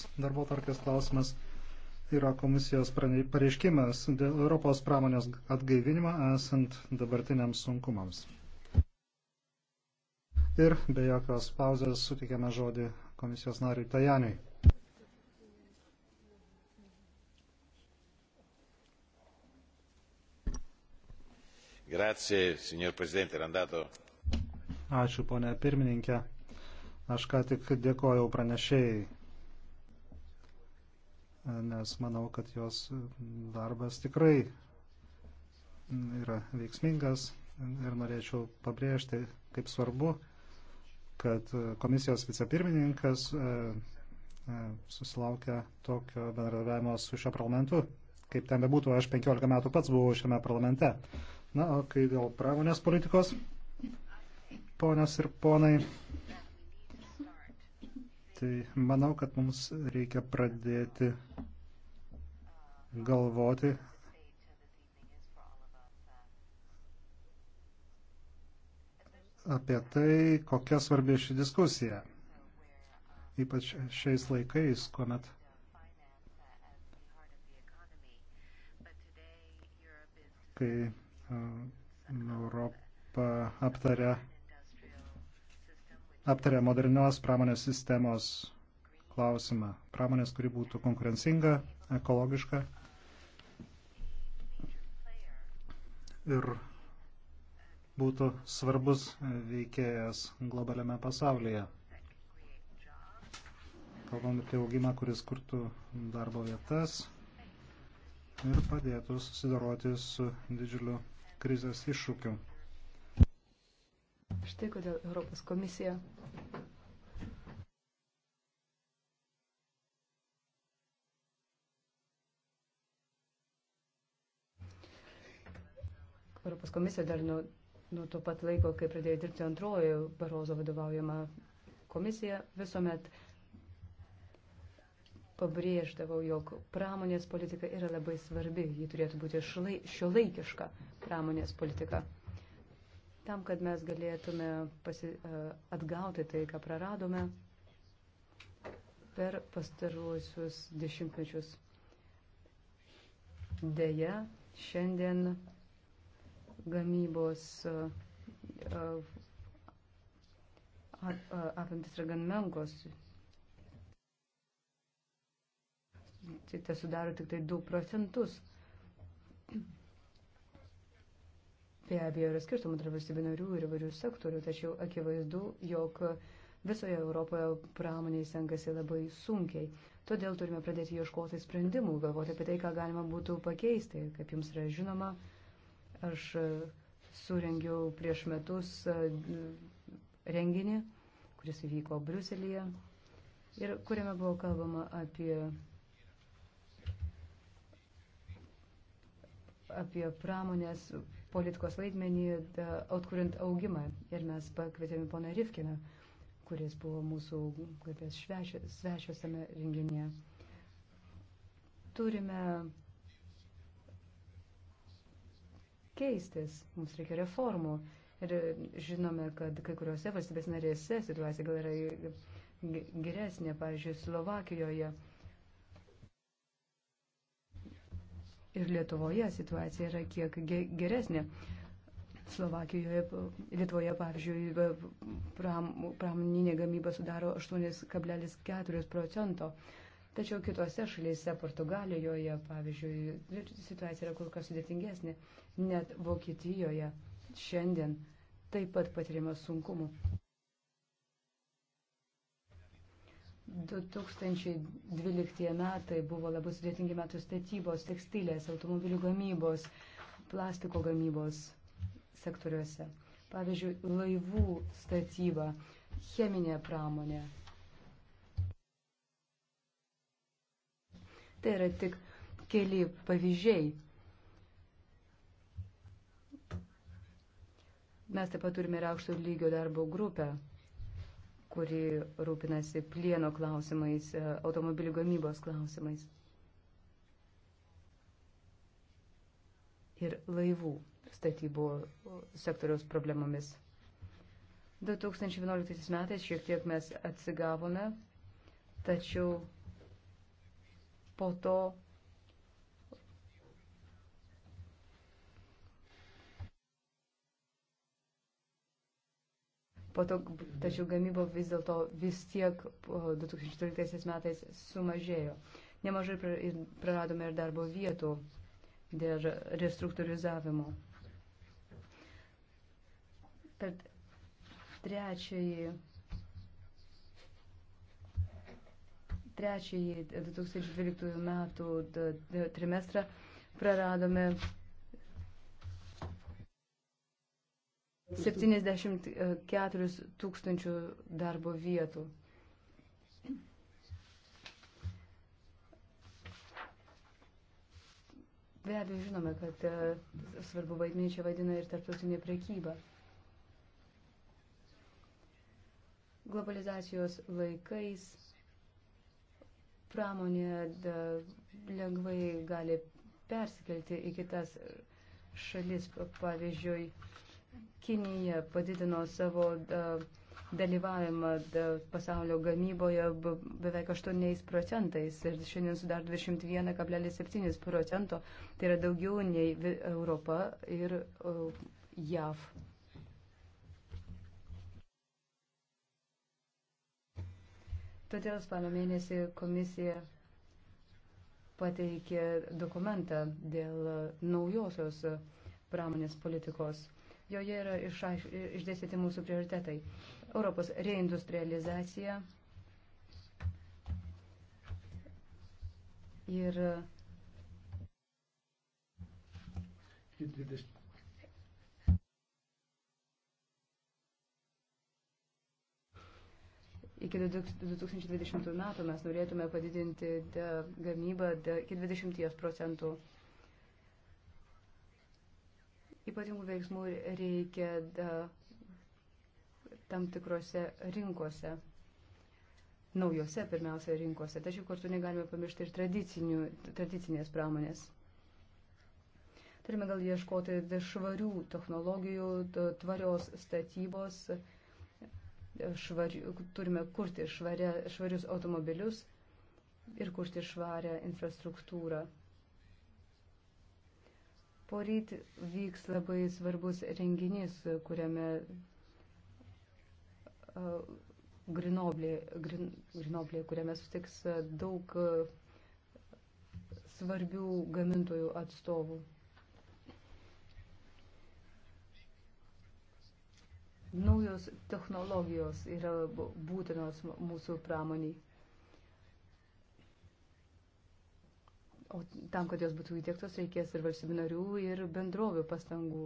kitas darbo tarkės klausimas yra komisijos pareiškimas dėl Europos pramonės atgaivinimo esant dabartiniams sunkumams. Ir be jokios pauzės sutikėme žodį komisijos nariui Tajaniui. Grazie, signor Presidente, randato. Ačiū, ponė pirmininkė. Aš ką tik dėkojau pranešėjai nes manau, kad jos darbas tikrai yra veiksmingas ir norėčiau pabrėžti, kaip svarbu, kad komisijos vicepirmininkas e, e, susilaukia tokio bendradarbiavimo su šio parlamentu. Kaip ten bebūtų, aš 15 metų pats buvau šiame parlamente. Na, o kai dėl pramonės politikos, ponios ir ponai, Tai manau, kad mums reikia pradėti galvoti apie tai, kokia svarbi ši diskusija. Ypač šiais laikais, kuomet kai Europa aptaria aptarė modernios pramonės sistemos klausimą. Pramonės, kuri būtų konkurencinga, ekologiška ir būtų svarbus veikėjas globaliame pasaulyje. Kalbam apie augimą, kuris kurtų darbo vietas ir padėtų susidoroti su didžiuliu krizės iššūkiu. Štai kodėl Europos komisija Europos komisija dar nuo, nuo to pat laiko, kai pradėjo dirbti antroji Barozo vadovaujama komisija, visuomet pabrėždavau, jog pramonės politika yra labai svarbi, ji turėtų būti šiuolaikiška pramonės politika tam, kad mes galėtume pasi, atgauti tai, ką praradome per pastaruosius dešimtmečius. Deja, šiandien gamybos apimtis yra gan menkos. Tai sudaro tik tai 2 procentus. Be abejo, yra skirtumų tarp valstybių narių ir įvairių sektorių, tačiau akivaizdu, jog visoje Europoje pramoniai senkasi labai sunkiai. Todėl turime pradėti ieškoti sprendimų, galvoti apie tai, ką galima būtų pakeisti. Kaip jums yra žinoma, aš surengiau prieš metus e, renginį, kuris įvyko Bruselėje ir kuriame buvo kalbama apie, apie pramonės politikos vaidmenį atkuriant augimą. Ir mes pakvietėme poną Rifkiną, kuris buvo mūsų garbės svečias tame renginėje. Turime keistis, mums reikia reformų. Ir žinome, kad kai kuriuose valstybės narėse situacija gal yra geresnė, pavyzdžiui, Slovakijoje ir Lietuvoje situacija yra kiek geresnė. Slovakijoje, Lietuvoje, pavyzdžiui, pram, pramoninė gamyba sudaro 8,4 procento. Tačiau kitose šalyse, Portugalijoje, pavyzdžiui, situacija yra kur kas sudėtingesnė. Net Vokietijoje šiandien taip pat patiriama sunkumų. 2012 metai buvo labai sudėtingi metų statybos, tekstilės, automobilių gamybos, plastiko gamybos sektoriuose. Pavyzdžiui, laivų statyba, cheminė pramonė. Tai yra tik keli pavyzdžiai. Mes taip pat turime ir aukšto lygio darbo grupę kuri rūpinasi plieno klausimais, e, automobilių gamybos klausimais ir laivų statybų sektoriaus problemomis. 2011 metais šiek tiek mes atsigavome, tačiau po to po to, tačiau gamyba vis dėlto vis tiek 2013 metais sumažėjo. Nemažai praradome ir darbo vietų dėl restruktūrizavimo. Per trečiąjį, trečiąjį 2012 metų trimestrą praradome 74 e, tūkstančių darbo vietų. Be abejo, žinome, kad e, svarbu vaidmenį čia vaidina ir tarptautinė prekyba. Globalizacijos laikais pramonė da, lengvai gali persikelti į kitas e, šalis, pavyzdžiui, Kinija padidino savo dalyvavimą pasaulio gamyboje beveik 8 procentais ir šiandien sudar 21,7 procento. Tai yra daugiau nei Europa ir JAV. Todėl spalio mėnesį komisija pateikė dokumentą dėl naujosios pramonės politikos. Joje yra išaiš, išdėstyti mūsų prioritetai. Europos reindustrializacija ir Iki 2020 metų mes norėtume padidinti gamybą iki 20 procentų Ypatingų veiksmų reikia da, tam tikrose rinkose, naujose pirmiausia rinkose. Tačiau kartu negalime pamiršti ir tradicinės pramonės. Turime gal ieškoti švarių technologijų, tvarios statybos, švari, turime kurti švaria, švarius automobilius ir kurti švarią infrastruktūrą. Poryt vyks labai svarbus renginys, kuriame Grinoblė, Grin, Grinoblė kuriame sustiks daug svarbių gamintojų atstovų. Naujos technologijos yra būtinos mūsų pramoniai. O tam, kad jos būtų įtiektos, reikės ir valstybių narių, ir bendrovių pastangų.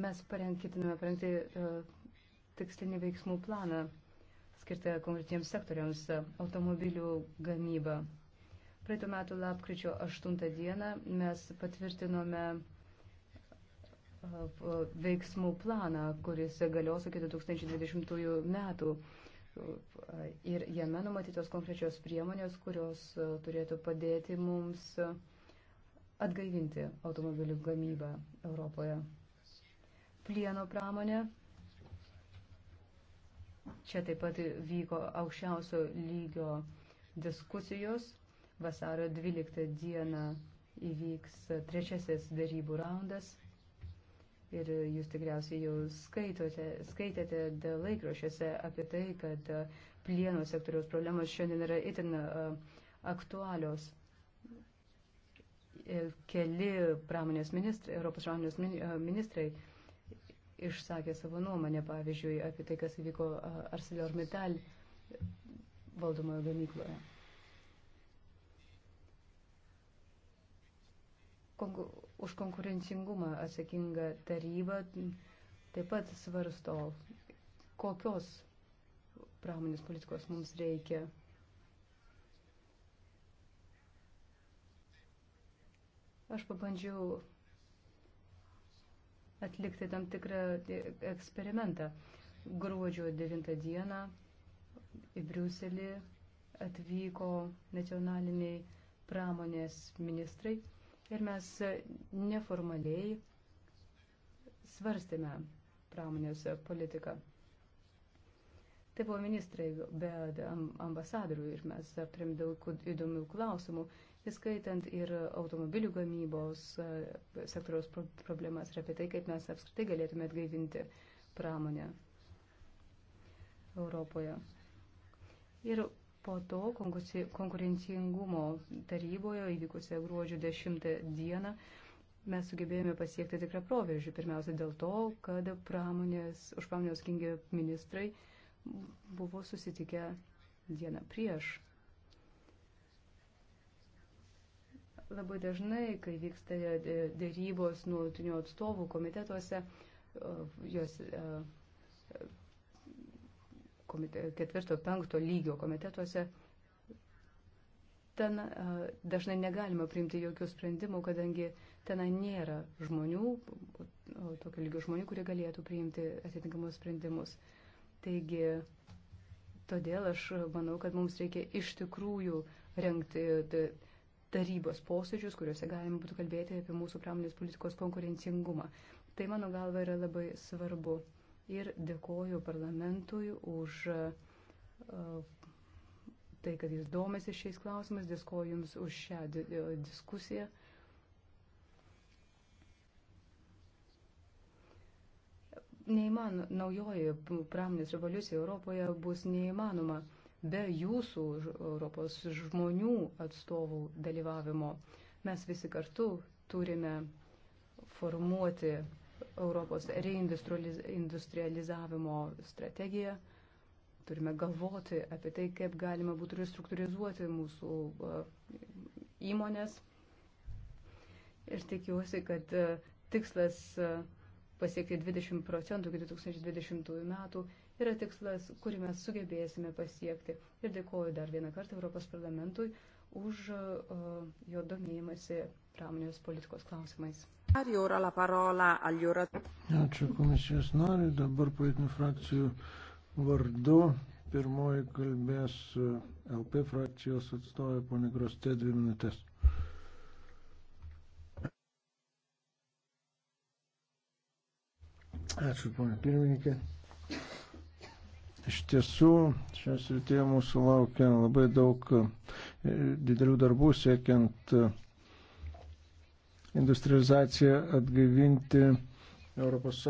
Mes parenkitiname parengti uh, tikslinį veiksmų planą skirtą konkretiems sektoriams e, - automobilių gamybą. Praeitų metų lapkričio 8 dieną mes patvirtinome uh, veiksmų planą, kuris galios iki 2020 metų ir jame numatytos konkrečios priemonės, kurios e, turėtų padėti mums e, atgaivinti automobilių gamybą Europoje. Plieno pramonė. Čia taip pat vyko aukščiausio lygio diskusijos. Vasario 12 dieną įvyks trečiasis darybų raundas. Ir jūs tikriausiai jau skaitote, skaitėte laikrašiuose apie tai, kad e, plieno sektoriaus problemos šiandien yra itin e, aktualios. Ir keli pramonės ministrai, Europos pramonės e, ministrai išsakė savo nuomonę, pavyzdžiui, apie tai, kas įvyko ArcelorMittal valdomojo gamykloje. Kongu už konkurencingumą atsakinga taryba taip pat svarsto, kokios pramonės politikos mums reikia. Aš pabandžiau atlikti tam tikrą eksperimentą. Gruodžio 9 dieną į Briuselį atvyko nacionaliniai pramonės ministrai ir mes neformaliai svarstėme pramonės politiką. Tai buvo ministrai, bet ambasadorių ir mes aptarėm daug įdomių klausimų, įskaitant ir automobilių gamybos e, sektoriaus problemas ir apie tai, kaip mes apskritai galėtume atgaivinti pramonę Europoje. Ir Po to konkurencingumo taryboje įvykusioje gruodžio 10 dieną mes sugebėjome pasiekti tikrą proveržį. Pirmiausia dėl to, kad pramonės, už pramonės ringė ministrai buvo susitikę dieną prieš. Labai dažnai, kai vyksta e, dėrybos nuolatinio atstovų komitetuose, jos e, ketvirto, penkto lygio komitetuose, ten dažnai negalima priimti jokių sprendimų, kadangi ten nėra žmonių, tokio lygio žmonių, kurie galėtų priimti atitinkamus sprendimus. Taigi, todėl aš manau, kad mums reikia iš tikrųjų renkti tarybos posėdžius, kuriuose galima būtų kalbėti apie mūsų pramonės politikos konkurencingumą. Tai mano galva yra labai svarbu ir dėkoju parlamentui už uh, tai, kad jis domėsi šiais klausimais, dėkoju Jums už šią diskusiją. Neįman, naujoji pramonės revoliucija Europoje bus neįmanoma be jūsų Europos žmonių atstovų dalyvavimo. Mes visi kartu turime formuoti Europos reindustrializavimo strategiją. Turime galvoti apie tai, kaip galima būtų restruktūrizuoti mūsų e, įmonės. Ir tikiuosi, kad e, tikslas e, pasiekti 20 procentų iki 2020 metų yra tikslas, kurį mes sugebėsime pasiekti. Ir dėkoju dar vieną kartą Europos parlamentui už jo domėjimąsi pramonės politikos klausimais. Ačiū komisijos nariui, dabar politinių frakcijų vardu. Pirmoji kalbės e, LP frakcijos atstovė ponė Grostė dvi minutės. Ačiū, ponė pirmininkė. Iš tiesų, šią srityje mūsų laukia labai daug e, didelių darbų siekiant e, industrializaciją atgaivinti ES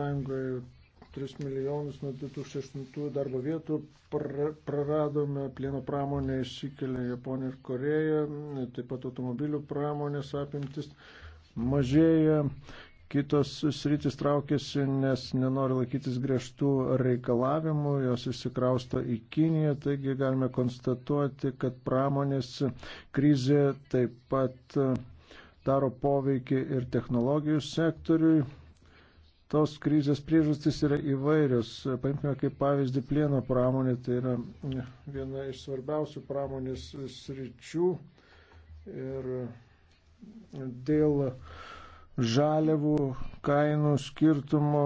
3 milijonus nuo 2008 darbo vietų praradome, plieno pramonė išsikelia Japonija ir Koreja, taip pat automobilių pramonės apimtis mažėja, kitos sritis traukiasi, nes nenori laikytis griežtų reikalavimų, jos išsikrausto į Kiniją, taigi galime konstatuoti, kad pramonės krizė taip pat daro poveikį ir technologijų sektoriui. Tos krizės priežastys yra įvairios. Paimkime kaip pavyzdį plieno pramonė, tai yra viena iš svarbiausių pramonės sričių. Ir dėl žaliavų kainų skirtumo,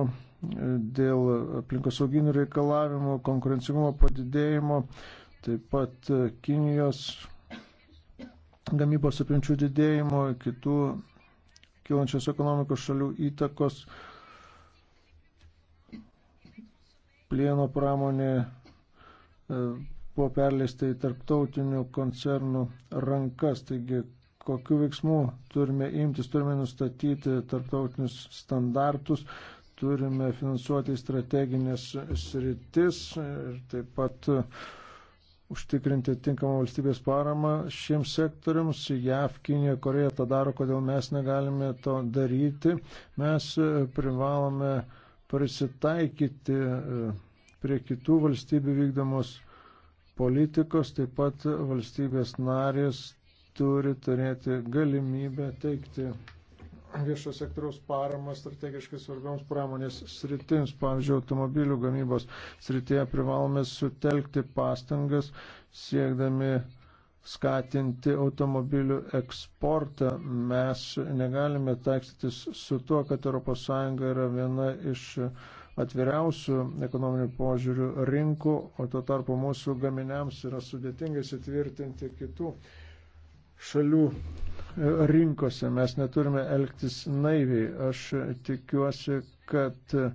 dėl aplinkosauginių reikalavimų, konkurencingumo padidėjimo, taip pat Kinijos gamybos apimčių didėjimo, kitų kilančios ekonomikos šalių įtakos. Plieno pramonė e, buvo perleista į tarptautinių koncernų rankas. Taigi, kokiu veiksmu turime imtis, turime nustatyti tarptautinius standartus, turime finansuoti strateginės sritis ir taip pat uh, užtikrinti tinkamą valstybės paramą šiems sektoriams. JAV, Kinija, Koreja tą daro, kodėl mes negalime to daryti. Mes e, privalome prisitaikyti e, prie kitų valstybių vykdomos politikos, taip pat valstybės narės turi turėti galimybę teikti viešo sektoriaus paramą strategiškai svarbioms pramonės sritims, pavyzdžiui, automobilių gamybos srityje privalome sutelkti pastangas siekdami skatinti automobilių eksportą. Mes negalime taikstytis su tuo, kad ES yra viena iš atviriausių ekonominių požiūrių rinkų, o tuo tarpu mūsų gaminiams yra sudėtinga įsitvirtinti kitų šalių rinkose. Mes neturime elgtis naiviai. Aš tikiuosi, kad e,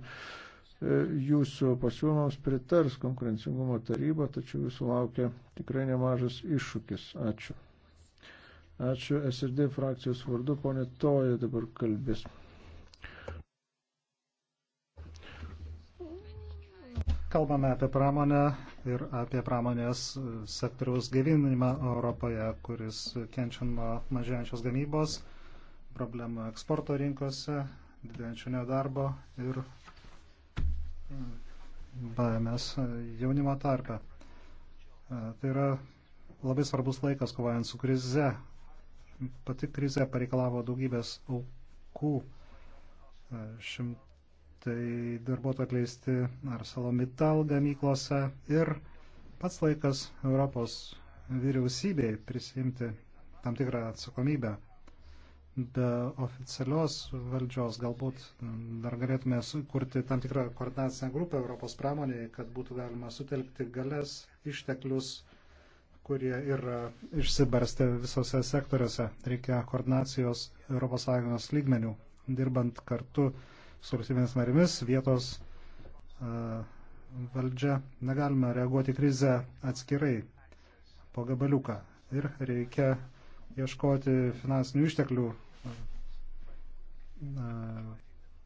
jūsų pasiūlymams pritars konkurencingumo taryba, tačiau jūsų laukia tikrai nemažas iššūkis. Ačiū. Ačiū SRD frakcijos vardu, ponė Toja dabar kalbės. Kalbame apie pramonę, ir apie pramonės sektoriaus gyvinimą Europoje, kuris kenčia nuo mažėjančios gamybos, problemų eksporto rinkose, didėjančio nedarbo ir mm, baimės jaunimo tarpe. E, tai yra labai svarbus laikas kovojant su krize. Pati krize pareikalavo daugybės aukų. E, Šimt tai darbuotojai atleisti ArcelorMittal gamyklose ir pats laikas Europos vyriausybei prisimti tam tikrą atsakomybę. Be oficialios valdžios galbūt dar galėtume sukurti tam tikrą koordinacinę grupę Europos pramonėje, kad būtų galima sutelkti galės išteklius kurie yra išsibarstę visose sektoriuose. Reikia koordinacijos ES lygmenių, dirbant kartu su valstybėmis narimis, vietos valdžia. Negalime reaguoti krizę atskirai po gabaliuką ir reikia ieškoti finansinių išteklių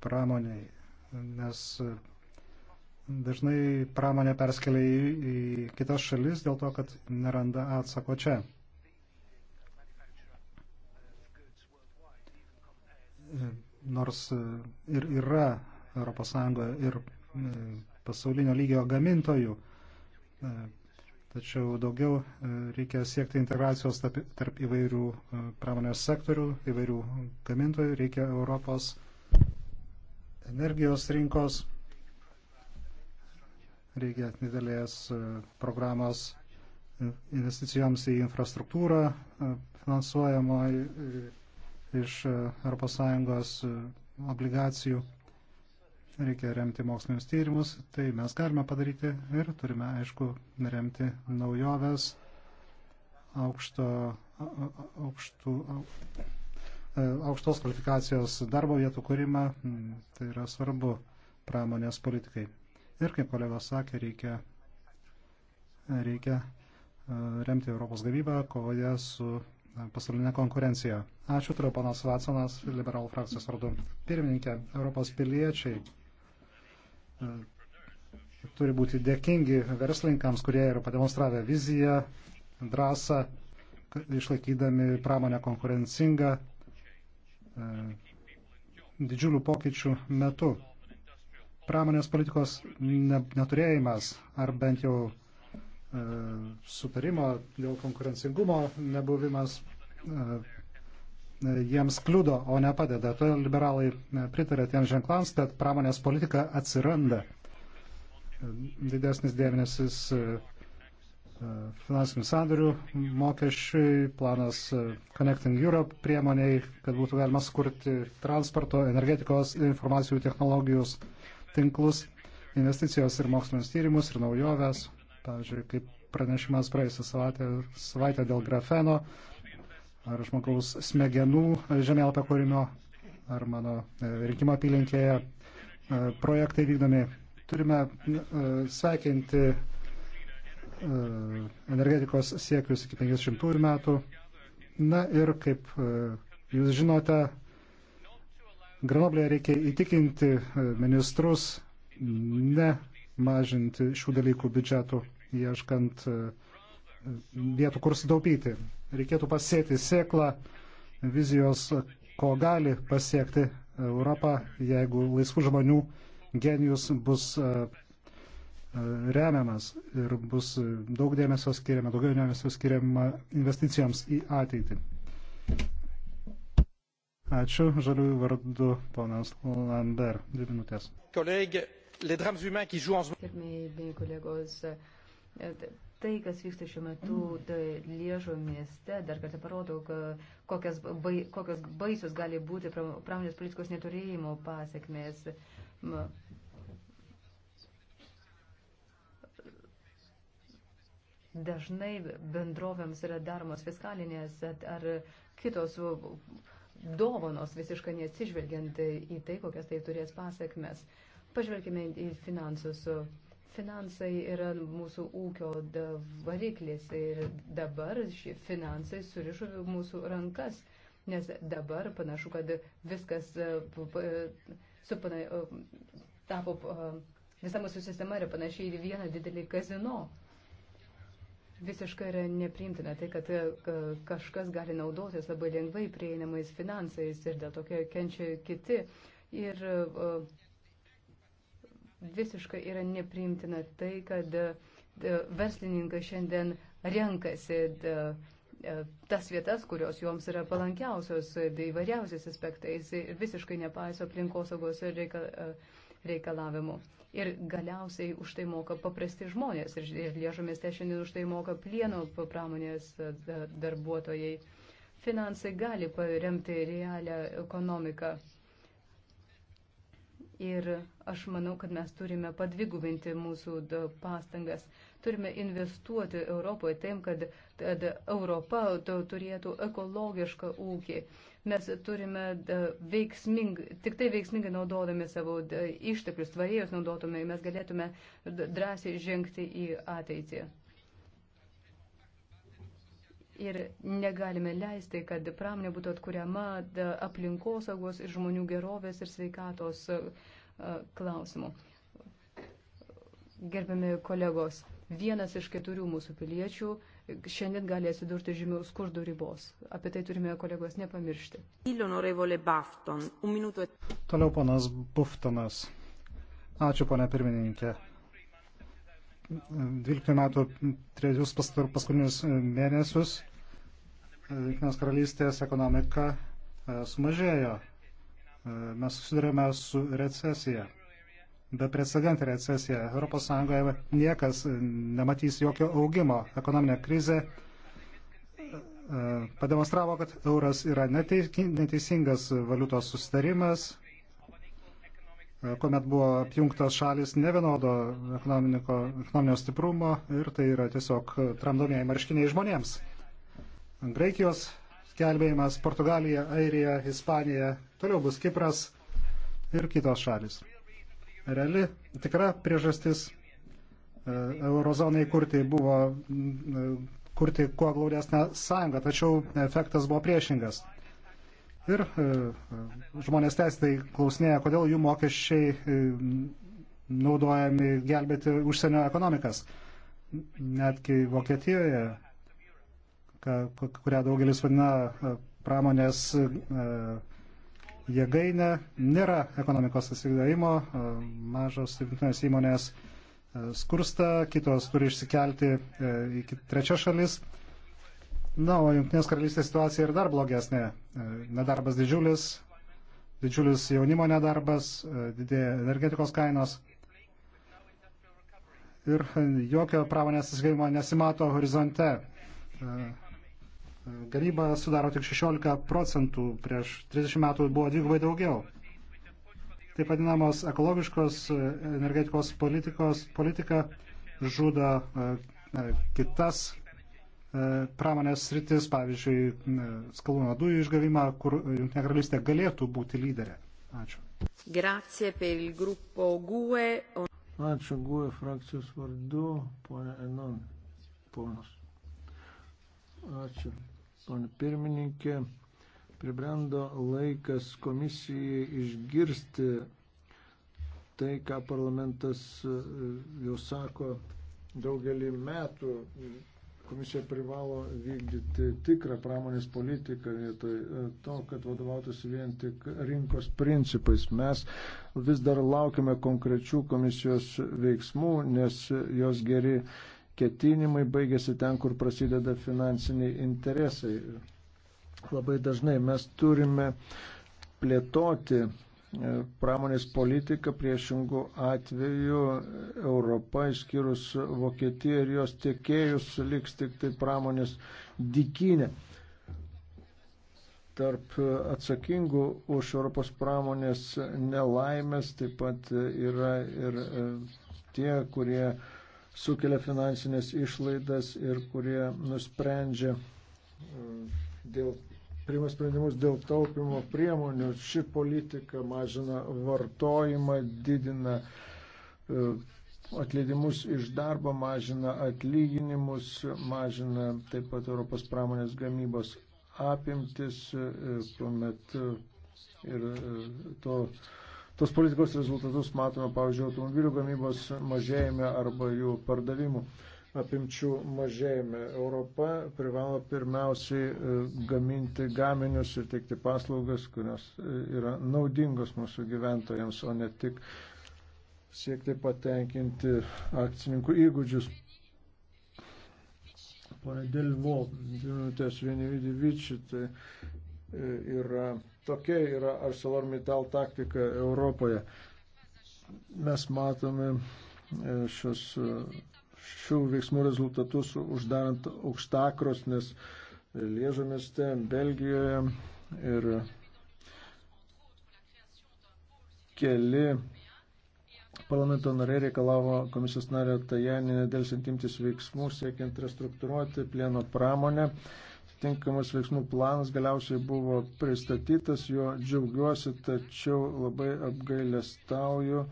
pramoniai, nes dažnai pramonė perskelia į kitas šalis dėl to, kad neranda atsako čia nors e, ir yra ES ir e, pasaulinio lygio gamintojų, e, tačiau daugiau reikia siekti integracijos tarp įvairių pramonės sektorių, įvairių gamintojų, reikia Europos energijos rinkos, reikia didelės programos investicijoms į infrastruktūrą finansuojamą iš e, ES e, obligacijų. Reikia remti mokslinius tyrimus, tai mes galime padaryti ir turime, aišku, remti naujoves, aukšto, aukštų, e, aukštos kvalifikacijos darbo vietų kūrimą. Tai yra svarbu pramonės politikai. Ir kaip kolegos sakė, reikia, reikia remti Europos gavybą kovoje su pasaulinę konkurenciją. Ačiū, turiu panas Vatsonas, liberalų frakcijos vardu. Pirmininkė, Europos piliečiai e, turi būti dėkingi verslininkams, kurie yra pademonstravę viziją, drąsą, išlaikydami pramonę konkurencingą e, didžiulių pokyčių metu. Pramonės politikos neturėjimas ar bent jau E, sutarimo dėl konkurencingumo nebuvimas e, e, jiems kliudo, o ne padeda. Todėl liberalai pritarė tiems ženklams, kad pramonės politika atsiranda. Didesnis dėmesys finansinių sandorių mokesčiui, planas Connecting Europe priemoniai, kad būtų galima skurti transporto, energetikos ir informacijų technologijos tinklus, investicijos ir mokslinius tyrimus ir naujoves, pavyzdžiui, kaip pranešimas praėjusią savaitę, savaitę dėl grafeno, ar žmogaus smegenų žemėlapio kūrimo, ar mano e, rinkimo apylinkėje e, projektai vykdomi. Turime e, sveikinti energetikos siekius iki 50 metų. Na ir kaip jūs žinote, Grenoblėje reikia įtikinti ministrus ne mažinti šių dalykų biudžetų ieškant e, vietų, kur sutaupyti. Reikėtų pasėti sėklą vizijos, ko gali pasiekti Europą, jeigu laisvų žmonių genijus bus e, e, remiamas ir bus daug dėmesio skiriama, daugiau dėmesio skiriama investicijoms į ateitį. Ačiū, žaliųjų vardu, ponas Lander, dvi minutės. Kolegė, les drames humains qui jouent en ce moment. E, tai, kas vyksta šiuo metu tai Liežo mieste, dar kartą parodo, kokios, bai, kokios baisios gali būti pramonės politikos neturėjimo pasiekmės. Dažnai bendrovėms yra daromos fiskalinės ar kitos dovanos visiškai neatsižvelgiant į tai, kokias tai turės pasiekmes. Pažvelkime į finansus Finansai yra mūsų ūkio variklis ir dabar šie finansai surišo mūsų rankas, nes dabar panašu, kad viskas e, e, supana, e, tapo, visa mūsų sistema yra panašiai į vieną didelį kazino. Visiškai yra nepriimtina tai, kad kažkas gali naudotis labai lengvai prieinamais finansais ir dėl tokio kenčia kiti. Ir uh, visiškai yra nepriimtina tai, kad e, verslininkai šiandien renkasi e, tas vietas, kurios joms yra palankiausios e, įvairiausiais aspektais ir visiškai nepaiso aplinkosaugos reikalavimų. Ir galiausiai už tai moka paprasti žmonės ir, ir lėžomis te šiandien už tai moka plieno pramonės darbuotojai. Finansai gali paremti realią ekonomiką. Ir aš manau, kad mes turime padvigubinti mūsų pastangas. Turime investuoti Europoje tam, kad, kad Europa turėtų ekologišką ūkį. Mes turime veiksming, tik tai veiksmingai naudodami savo išteklius, tvariai juos naudotume, mes galėtume drąsiai žengti į ateitį. Ir negalime leisti, kad pramonė būtų atkuriama aplinkosaugos ir žmonių gerovės ir sveikatos e, klausimų. Gerbiami kolegos, vienas iš keturių mūsų piliečių šiandien gali atsidurti žymių skurdo ribos. Apie tai turime kolegos nepamiršti. E- Toliau ponas Buftonas. Ačiū, ponia pirmininkė. 12 metų trejus paskutinius mėnesius e, Junktinės karalystės ekonomika e, sumažėjo. E, mes susidurėme su recesija, beprecedentė recesija. ES niekas nematys jokio augimo. Ekonominė krizė pademonstravo, kad euras yra neteisingas valiutos susitarimas, kuomet buvo apjungtos šalis nevienodo ekonominio stiprumo ir tai yra tiesiog tramdomieji marškiniai žmonėms. Graikijos gelbėjimas, Portugalija, Airija, Ispanija, toliau bus Kipras ir kitos šalis. Reali, tikra priežastis e, eurozonai kurti buvo kurti kuo glaudesnę sąjungą, tačiau efektas buvo priešingas. Ir e, žmonės teistai klausinėja, kodėl jų mokesčiai e, naudojami gelbėti užsienio ekonomikas. Netgi Vokietijoje, kurią daugelis vadina e, pramonės jėgainė, nėra ekonomikos atsigavimo, mažos vidutinės įmonės skursta, kitos turi išsikelti į trečias šalis. Na, o Junktinės karalystės situacija yra dar blogesnė. E, nedarbas didžiulis, didžiulis jaunimo nedarbas, e, didėja energetikos kainos. Ir jokio pramonės atsigavimo nesimato horizonte. E, Gamyba sudaro tik 16 procentų, prieš 30 metų buvo dvigubai daugiau. Taip vadinamos ekologiškos energetikos politikos, politika žudo kitas E, pramonės sritis, pavyzdžiui, e, skalūno dujų išgavimą, kur Junktinė karalystė galėtų būti lyderė. Ačiū. Grazie per il gruppo GUE. Ačiū GUE frakcijos vardu, ponė Enon, ponas. Ačiū, ponė pirmininkė. Pribrendo laikas komisijai išgirsti tai, ką parlamentas e, jau sako daugelį metų Komisija privalo vykdyti tikrą pramonės politiką vietoj tai to, kad vadovautųsi vien tik rinkos principais. Mes vis dar laukiame konkrečių komisijos veiksmų, nes jos geri ketinimai baigėsi ten, kur prasideda finansiniai interesai. Labai dažnai mes turime plėtoti E, pramonės politiką, priešingų atveju Europa, išskyrus Vokietiją ir jos tiekėjus, liks tik tai pramonės dikinė. Tarp atsakingų už Europos pramonės nelaimės taip pat yra ir e, tie, kurie sukelia finansinės išlaidas ir kurie nusprendžia e, dėl priima sprendimus dėl taupimo priemonių. Ši politika mažina vartojimą, didina e, atleidimus iš darbo, mažina atlyginimus, mažina taip pat Europos pramonės gamybos apimtis, e, kuomet e, ir to tos politikos rezultatus matome, pavyzdžiui, automobilių gamybos mažėjime arba jų pardavimu apimčių mažėjime. Europa privalo pirmiausiai e, gaminti gaminius ir teikti paslaugas, kurios e, yra naudingos mūsų gyventojams, o ne tik siekti patenkinti akcininkų įgūdžius. Pone Delvo, minutės vieni vidivičiai, tai e, yra tokia yra ArcelorMittal taktika Europoje. Mes matome šios šių veiksmų rezultatus uždarant aukštakros, nes Liežo mieste, Belgijoje ir keli parlamento nariai reikalavo komisijos nario Tajanį nedėlsiant imtis veiksmų, siekiant restruktūruoti plieno pramonę. Tinkamas veiksmų planas galiausiai buvo pristatytas, jo džiaugiuosi, tačiau labai apgailestauju,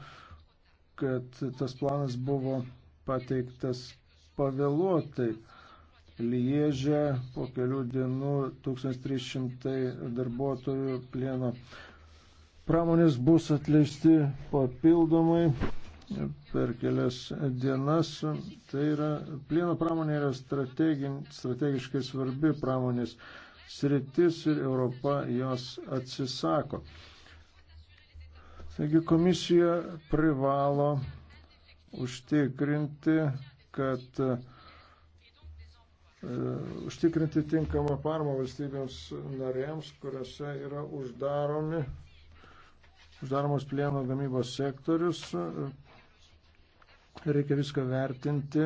kad tas planas buvo pateiktas pavėluotai. Liežė po kelių dienų 1300 darbuotojų plieno pramonės bus atleisti papildomai per kelias dienas. Tai yra, plieno pramonė yra strategiškai svarbi pramonės sritis ir Europa jos atsisako. Taigi komisija privalo užtikrinti, kad e, užtikrinti tinkamą paramą valstybėms narėms, kuriuose yra uždaromi, uždaromos plieno gamybos sektorius. Reikia viską vertinti,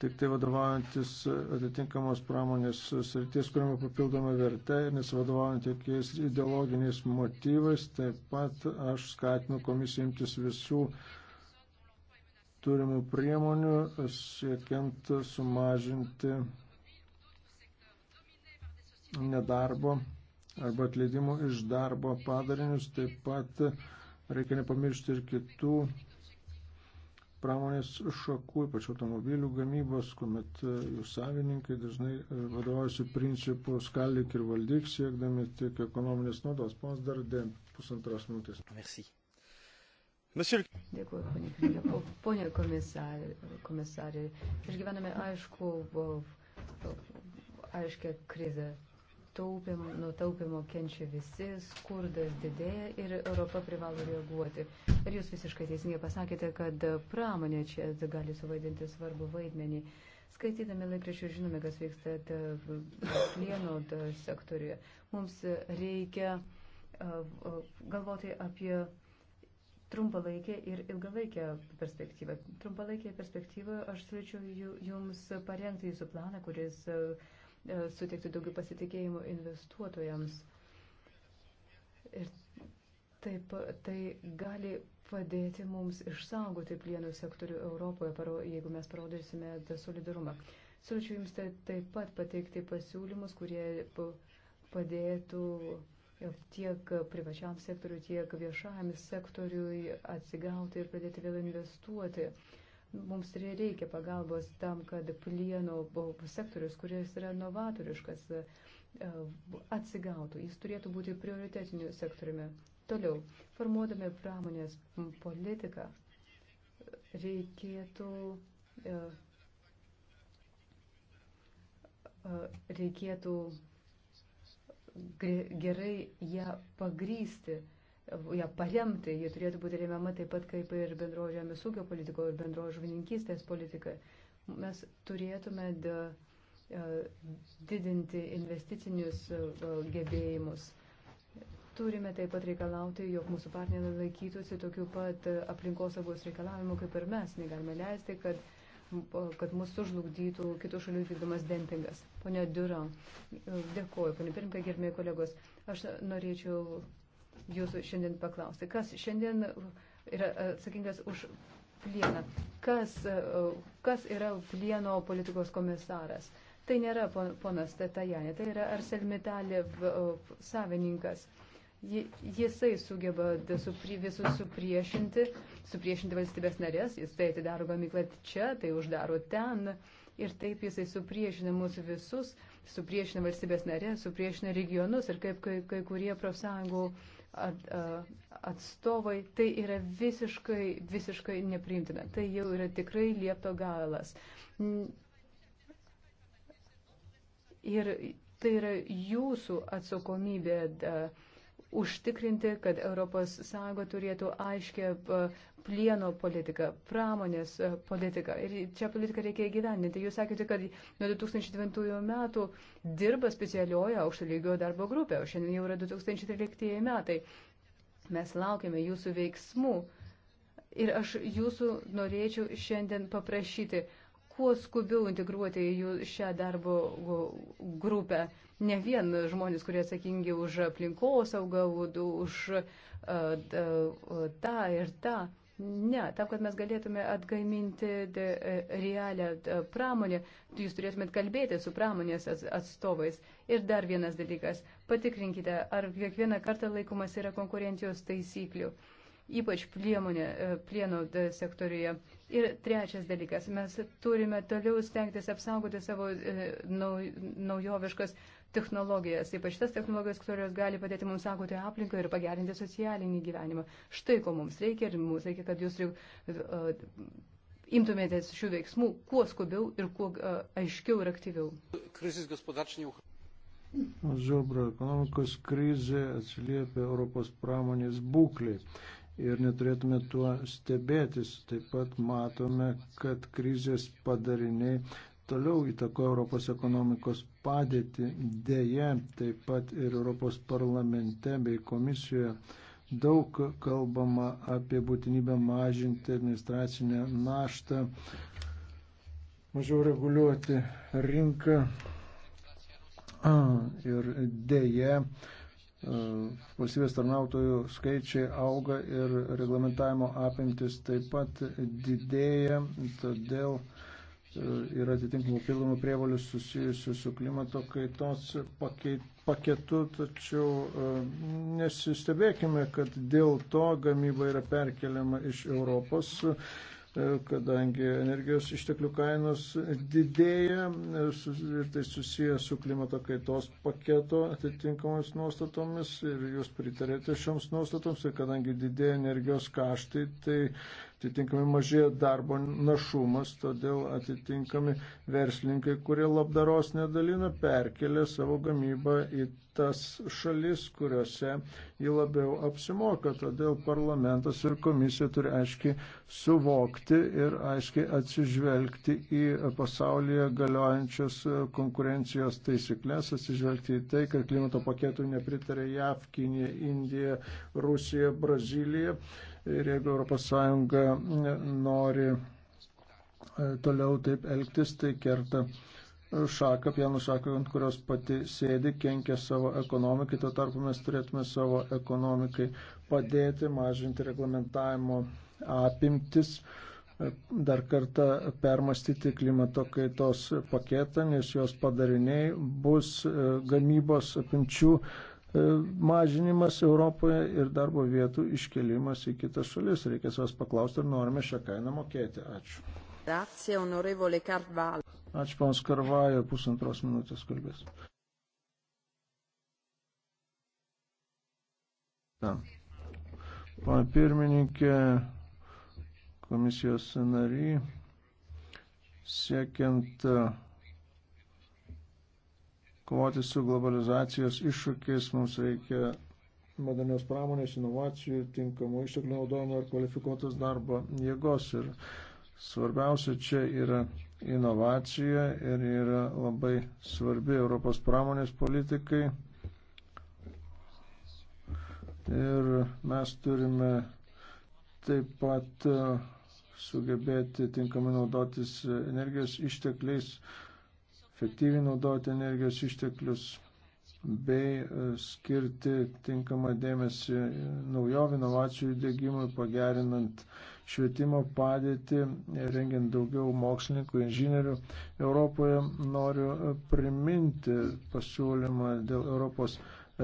tik tai vadovaujantis atitinkamos pramonės srities, kuriame papildoma vertė ir nesivadovaujant jokiais ideologiniais motyvais. Taip pat aš skatinu komisiją imtis visų turimų priemonių siekiant sumažinti nedarbo arba atleidimų iš darbo padarinius. Taip pat reikia nepamiršti ir kitų pramonės šakų, ypač automobilių gamybos, kuomet e, jų savininkai dažnai e, vadovaujasi principu skaldyk ir valdyk, siekdami tiek ekonominės naudos. Pons dar dėl pusantros minutės. Merci. Monsieur... Dėkuoju, ponė Krilė. Ponė komisarė, komisarė, išgyvename aišku, aiškę krizę. Taupim, nuo taupimo kenčia visi, skurdas didėja ir Europa privalo reaguoti. Ir jūs visiškai teisingai pasakėte, kad pramonė čia gali suvaidinti svarbu vaidmenį. Skaitydami laikraščių žinome, kas vyksta plieno sektoriuje. Mums reikia galvoti apie trumpalaikę ir ilgalaikę perspektyvą. Trumpalaikėje perspektyvoje aš siūlyčiau jums parengti jūsų planą, kuris e, e, suteiktų daugiau pasitikėjimų investuotojams. Ir taip, tai gali padėti mums išsaugoti plieno sektorių Europoje, jeigu mes parodysime solidarumą. Siūlyčiau jums tai taip pat pateikti pasiūlymus, kurie padėtų tiek privačiam sektoriui, tiek viešajam sektoriui atsigauti ir pradėti vėl investuoti. Mums reikia pagalbos tam, kad plieno sektorius, kuris yra novatoriškas, e, atsigautų. Jis turėtų būti prioritetiniu sektoriumi. Toliau, formuodami pramonės politiką, reikėtų e, e, reikėtų gerai ją pagrysti, ją paremti, ji turėtų būti remiama taip pat kaip ir bendro žemės ūkio politiko ir bendro žvininkystės politika. Mes turėtume didinti investicinius gebėjimus. Turime taip pat reikalauti, jog mūsų partneriai laikytųsi tokių pat aplinkosaugos reikalavimų kaip ir mes. Negalime leisti, kad kad mūsų žlugdytų kitų šalių vykdomas dempingas. Pone Dura, dėkuoju, pone pirmkai, gerbėjai kolegos. Aš norėčiau jūsų šiandien paklausti, kas šiandien yra atsakingas už plieną? Kas, kas yra plieno politikos komisaras? Tai nėra ponas Tetajanė, tai yra Arselmitalė e, savininkas. Jisai sugeba visus supriešinti. Su supriešinti valstybės narės, jis tai atidaro gamyklą čia, tai uždaro ten. Ir taip jisai supriešina mūsų visus, supriešina valstybės narės, supriešina regionus ir kaip kai, kai kurie profsąjungų at, atstovai, tai yra visiškai, visiškai nepriimtina. Tai jau yra tikrai liepto galas. Ir tai yra jūsų atsakomybė. Da, užtikrinti, kad ES turėtų aiškę e, plieno politiką, pramonės e, politiką. Ir čia politiką reikia įgyvendinti. Jūs sakėte, kad nuo 2009 metų dirba specialioja aukšto lygio darbo grupė, o šiandien jau yra 2013 metai. Mes laukiame jūsų veiksmų. Ir aš jūsų norėčiau šiandien paprašyti, kuo skubiau integruoti į šią darbo grupę ne vien žmonės, kurie atsakingi už aplinkosaugą, už e, e, tą ir tą. Ne, tam, kad mes galėtume atgaiminti e, realią pramonę, tai jūs turėtumėt kalbėti su pramonės atstovais. Ir dar vienas dalykas, patikrinkite, ar kiekvieną kartą laikomas yra konkurencijos taisyklių, ypač pliemonė, plieno sektoriuje. Ir trečias dalykas, mes turime toliau stengtis apsaugoti savo naujoviškas technologijas, ypač tas technologijas, kurios gali padėti mums saugoti aplinką ir pagerinti socialinį gyvenimą. Štai ko mums reikia ir mums reikia, kad jūs uh, imtumėtės šių veiksmų kuo skubiau ir kuo uh, aiškiau ir aktyviau. Žobra, ekonomikos krizė atsiliepia Europos pramonės būklei ir neturėtume tuo stebėtis. Taip pat matome, kad krizės padariniai toliau įtako Europos ekonomikos padėtį. Deja, taip pat ir Europos parlamente bei komisijoje daug kalbama apie būtinybę mažinti administracinę naštą, mažiau reguliuoti rinką ir dėje valstybės tarnautojų skaičiai auga ir reglamentavimo apimtis taip pat didėja, todėl uh, ir atitinkamų pildomų prievalių susijusių su klimato kaitos paketu, tačiau e, nesistebėkime, kad dėl to gamyba yra perkeliama iš Europos, e, kadangi energijos išteklių kainos didėja e, ir tai susiję su klimato kaitos paketo atitinkamomis nuostatomis ir jūs pritarėte šioms nuostatoms ir kadangi didėja energijos kaštai, tai atitinkamai mažėja darbo našumas, todėl atitinkami verslininkai, kurie labdaros nedalina, perkelia savo gamybą į tas šalis, kuriuose jį labiau apsimoka. Todėl parlamentas ir komisija turi aiškiai suvokti ir aiškiai atsižvelgti į pasaulyje galiojančios konkurencijos taisyklės, atsižvelgti į tai, kad klimato paketui nepritarė JAV, Kinija, Indija, Rusija, Brazilija. Ir jeigu ES nori e, toliau taip elgtis, tai kerta šaką, pieno šaką, ant kurios pati sėdi, kenkia savo ekonomikai, tuo tarpu mes turėtume savo ekonomikai padėti, mažinti reglamentavimo apimtis, e, dar kartą permastyti klimato kaitos paketą, nes jos padariniai bus e, gamybos apimčių E, mažinimas Europoje ir darbo vietų iškelimas į kitas šalis. Reikia savęs paklausti, ar norime šią kainą mokėti. Ačiū. Grazie, onorevole Carvalho. Ačiū, panas Karvajo, pusantros minutės kalbės. Pana pirmininkė, komisijos nariai, siekiant kovoti su globalizacijos iššūkiais, mums reikia modernios pramonės, inovacijų, tinkamų išteklių naudojimo ir kvalifikuotos darbo jėgos. Ir svarbiausia čia yra inovacija ir yra labai svarbi Europos pramonės politikai. Ir mes turime taip pat uh, sugebėti tinkamai naudotis energijos ištekliais, uh, efektyviai naudoti energijos išteklius bei e, skirti tinkamą dėmesį naujovių inovacijų įdėgymui, pagerinant švietimo padėtį, rengiant daugiau mokslininkų, inžinierių. Europoje noriu e, priminti pasiūlymą dėl Europos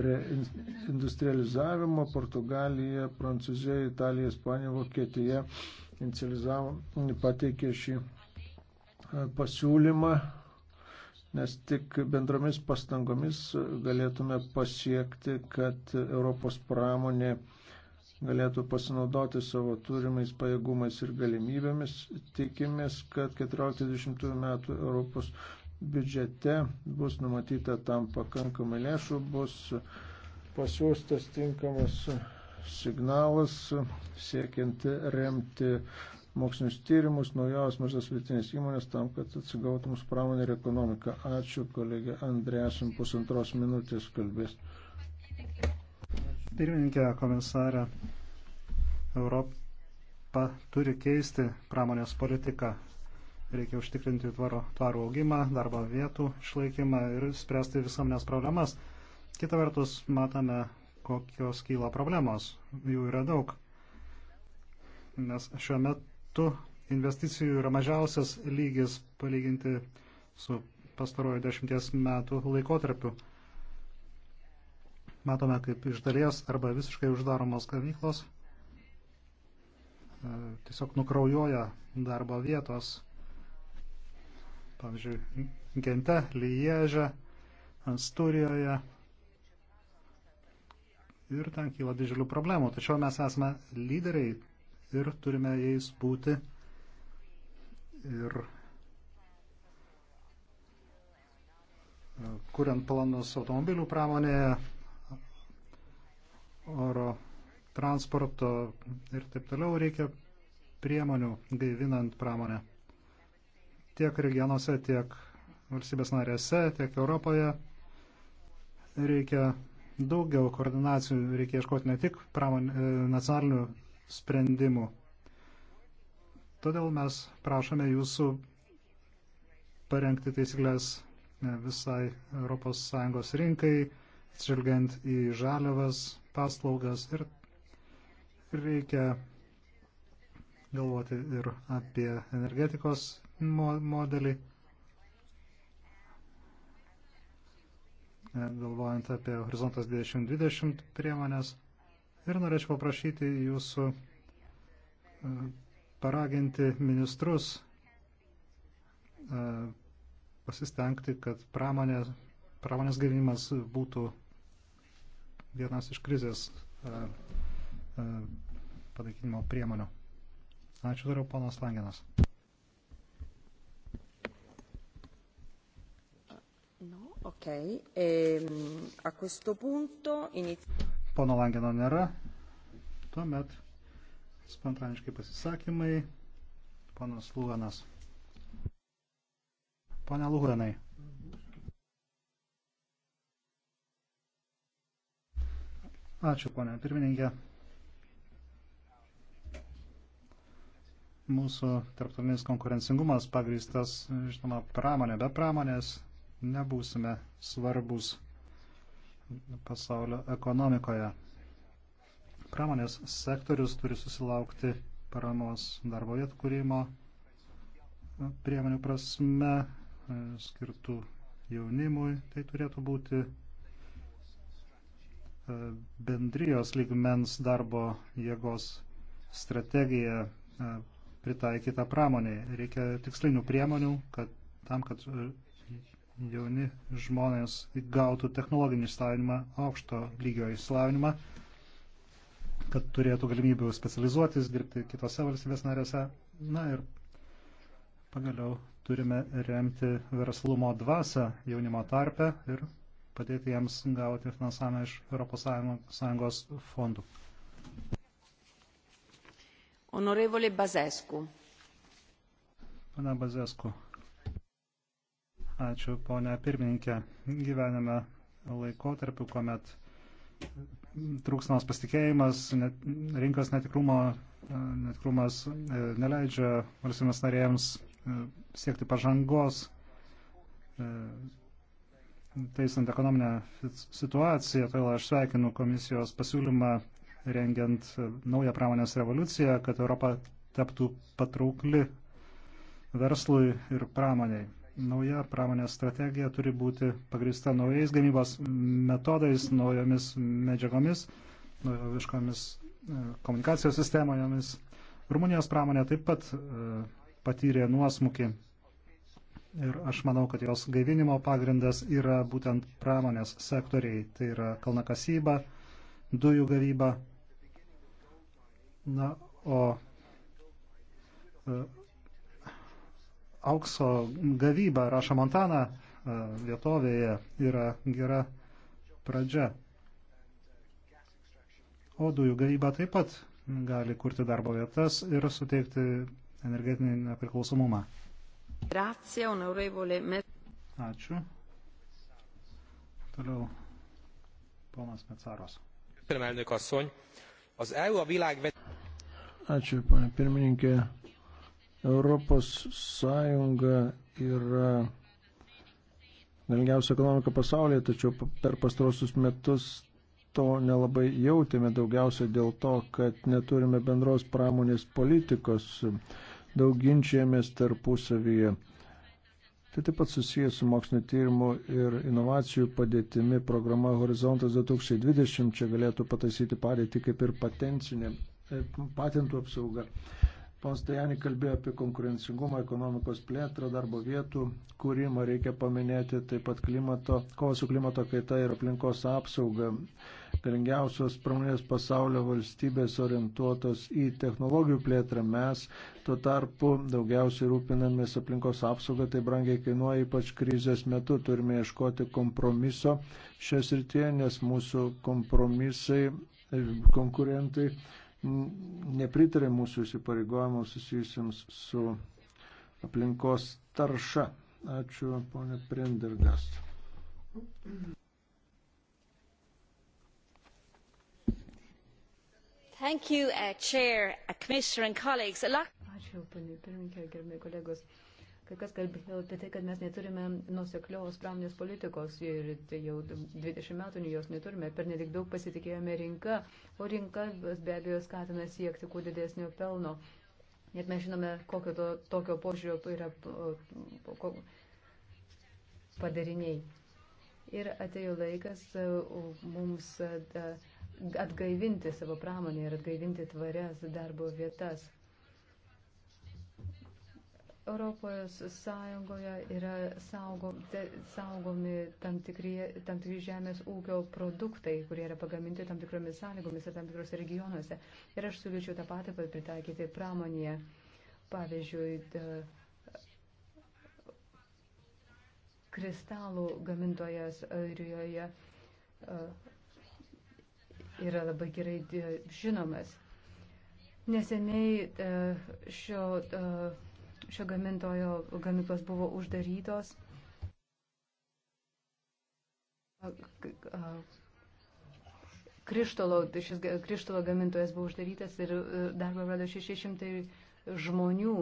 reindustrializavimo. Portugalija, Prancūzija, Italija, Ispanija, Vokietija pateikė šį e, pasiūlymą nes tik bendromis pastangomis galėtume pasiekti, kad Europos pramonė galėtų pasinaudoti savo turimais pajėgumais ir galimybėmis. Tikimės, kad 14-20 metų Europos biudžete bus numatyta tam pakankamai lėšų, bus pasiūstas tinkamas signalas siekiant remti mokslinius tyrimus, naujos mažas vietinės įmonės tam, kad atsigautų mūsų pramonė ir ekonomika. Ačiū, kolegė Andrėsim, pusantros minutės kalbės. Pirmininkė, komisarė, Europa turi keisti pramonės politiką. Reikia užtikrinti tvaro, tvarų augimą, darbo vietų išlaikymą ir spręsti visuomenės problemas. Kita vertus, matome, kokios kyla problemos. Jų yra daug. Nes šiuo metu metu investicijų yra mažiausias lygis palyginti su pastarojo dešimties metų laikotarpiu. Matome, kaip iš dalies arba visiškai uždaromos gamyklos e, tiesiog nukraujoja darbo vietos. Pavyzdžiui, Gente, Liežė, Asturijoje. Ir ten kyla didžiulių problemų. Tačiau mes esame lyderiai ir turime jais būti. Ir e, kuriant planus automobilių pramonėje, oro transporto ir taip toliau reikia priemonių gaivinant pramonę. Tiek regionuose, tiek valstybės narėse, tiek Europoje reikia daugiau koordinacijų, reikia ieškoti ne tik pramon, e, nacionalinių sprendimų. Todėl mes prašome jūsų parengti taisyklės visai ES rinkai, atsižvelgiant į žaliavas, paslaugas ir reikia galvoti ir apie energetikos modelį, galvojant apie Horizontas 2020 priemonės. Ir norėčiau paprašyti jūsų e, paraginti ministrus e, pasistengti, kad pramonė, pramonės gavimas būtų vienas iš krizės e, panaikinimo priemonių. Ačiū toliau, ponas Langenas. No, ok. Ehm, a questo punto inizio. Pono Langeno nėra. Tuomet spontaniškai pasisakymai. Ponas Lūvenas. Pone Lūvenai. Ačiū, ponė pirmininkė. Mūsų tarptautinis konkurencingumas pagrįstas, žinoma, pramonė. Be pramonės nebūsime svarbus pasaulio ekonomikoje. Pramonės sektorius turi susilaukti paramos darbo vietų kūrimo priemonių prasme e, skirtų jaunimui. Tai turėtų būti e, bendrijos lygmens darbo jėgos strategija e, pritaikyta pramoniai. Reikia tikslinių priemonių, kad tam, kad jauni žmonės gautų technologinį išsilavinimą, aukšto lygio išsilavinimą, kad turėtų galimybių specializuotis, dirbti kitose valstybės narėse. Na ir pagaliau turime remti verslumo dvasę jaunimo tarpe ir padėti jiems gauti finansavimą iš ES fondų. Onorevole Bazescu. Pana Bazescu. Ačiū, ponia pirmininkė. Gyvename laikotarpiu, kuomet trūksmas pasitikėjimas, net, rinkos netikrumo, e, netikrumas e, neleidžia valstybės narėjams e, siekti pažangos, teisant ekonominę situaciją. Todėl aš sveikinu komisijos pasiūlymą rengiant naują pramonės revoliuciją, kad Europa taptų patraukli verslui ir pramoniai nauja pramonės strategija turi būti pagrįsta naujais gamybos metodais, naujomis medžiagomis, naujoviškomis e, komunikacijos sistemojomis. Rumunijos pramonė taip pat e, patyrė nuosmukį ir aš manau, kad jos gaivinimo pagrindas yra būtent pramonės sektoriai, tai yra kalnakasyba, dujų gavyba. Na, o e, aukso gavyba Raša Montana e, vietovėje yra gera pradžia. O dujų gavyba taip pat gali kurti darbo vietas ir suteikti energetinį nepriklausomumą. Ačiū. Toliau ponas Mecaros. E Ačiū, ponė pirmininkė. Europos Sąjunga yra galingiausia ekonomika pasaulyje, tačiau per pastarosius metus to nelabai jautėme daugiausia dėl to, kad neturime bendros pramonės politikos, daug ginčiamės tarpusavyje. Tai taip pat susijęs su mokslinio tyrimų ir inovacijų padėtimi programa Horizontas 2020 čia galėtų pataisyti padėtį kaip ir patentinė, e, patentų apsauga. Pons Dajani kalbėjo apie konkurencingumą, ekonomikos plėtrą, darbo vietų kūrimą, reikia paminėti taip pat klimato, kovą su klimato kaita ir aplinkos apsauga. Galingiausios pramonės pasaulio valstybės orientuotos į technologijų plėtrą mes, tuo tarpu daugiausiai rūpinamės aplinkos apsaugą, tai brangiai kainuoja, ypač krizės metu turime ieškoti kompromiso šios rytie, nes mūsų kompromisai konkurentai nepritarė mūsų įsipareigojimams susijusiams su aplinkos tarša. Ačiū, ponė Prendergast. Thank you, uh, Chair, uh, Commissioner and colleagues. A lot... Ačiū, panė pirmininkė, gerbėjai kolegos. Uh, Kai kas kalbėjo apie tai, kad mes neturime nuseklios pramonės politikos ir tai jau 20 metų jos neturime, per nedik daug pasitikėjome rinka, o rinka be abejo skatina siekti kuo didesnio pelno. Net mes žinome, kokio to, tokio požiūrio yra ko, padariniai. Ir atėjo laikas e, mums e, atgaivinti savo pramonę ir atgaivinti tvarias darbo vietas. Europos Sąjungoje yra saugo, saugomi tam tikri, tam tikri žemės ūkio produktai, kurie yra pagaminti tam tikromis sąlygomis ir tam tikrose regionuose. Ir aš siūlyčiau tą patį pritaikyti pramonėje. Pavyzdžiui, da, kristalų gamintojas Airijoje yra labai gerai žinomas. Neseniai šio šio gamintojo gamyklos buvo uždarytos. Krištolo, tai šis krištolo gamintojas buvo uždarytas ir darbą rado 600 žmonių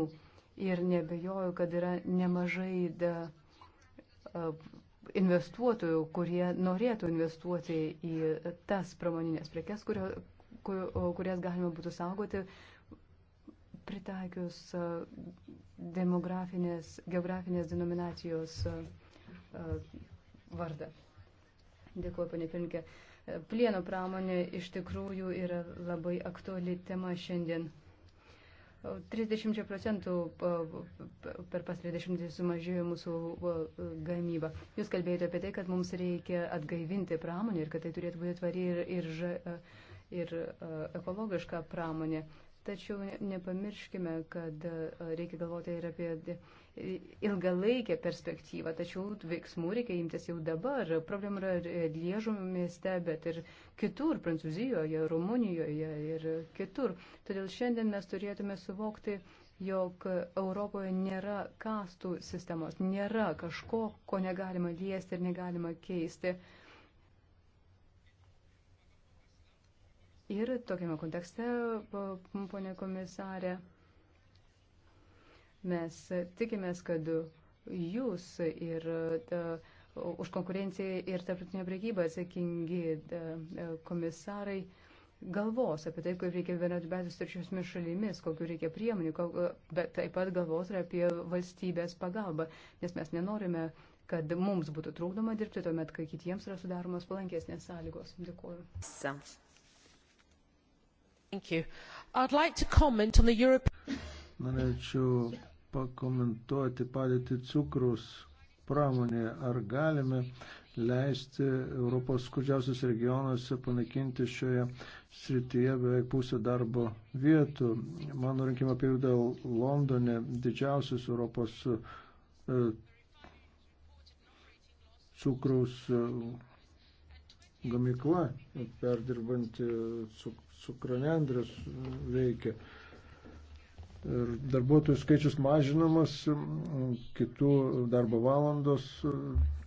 ir nebejoju, kad yra nemažai da, investuotojų, kurie norėtų investuoti į tas pramoninės prekes, kurio, kur, kurias galima būtų saugoti, pritaikius e, demografinės, geografinės denominacijos e, e, vardą. Dėkuoju, panė Pirinkė. Plieno pramonė iš tikrųjų yra labai aktuali tema šiandien. 30 procentų per pas 30 sumažėjo mūsų gamyba. Jūs kalbėjote apie tai, kad mums reikia atgaivinti pramonę ir kad tai turėtų būti tvari ir, ir, ir ekologiška pramonė. Tačiau nepamirškime, kad reikia galvoti ir apie e, ilgalaikę perspektyvą, tačiau veiksmų reikia imtis jau dabar. Problema yra ir Liežo mieste, bet ir kitur, Prancūzijoje, Rumunijoje ir kitur. Todėl šiandien mes turėtume suvokti, jog Europoje nėra kastų sistemos, nėra kažko, ko negalima liesti ir negalima keisti. Uh, Ir tokiame kontekste, ponė komisarė, mes tikimės, kad jūs ir ta, už konkurenciją ir tarptautinę priekybą atsakingi ta, komisarai galvos apie tai, kaip reikia bendradarbiauti su trečiosiomis šalimis, kokiu reikia priemonių, bet taip pat galvos ir apie valstybės pagalbą, nes mes nenorime, kad mums būtų trūkdoma dirbti tuomet, kai kitiems yra sudaromos palankesnės sąlygos. Dėkuoju. Sounds. Like Europe... Norėčiau pakomentuoti padėti cukrus pramonėje. Ar galime leisti Europos skurdžiausios regionuose panaikinti šioje srityje beveik pusę darbo vietų. Mano rinkimo apygarda Londone didžiausias Europos cukraus e, e gamykla perdirbanti cukranendrės veikia. Ir darbuotojų skaičius mažinamas, kitų darbo valandos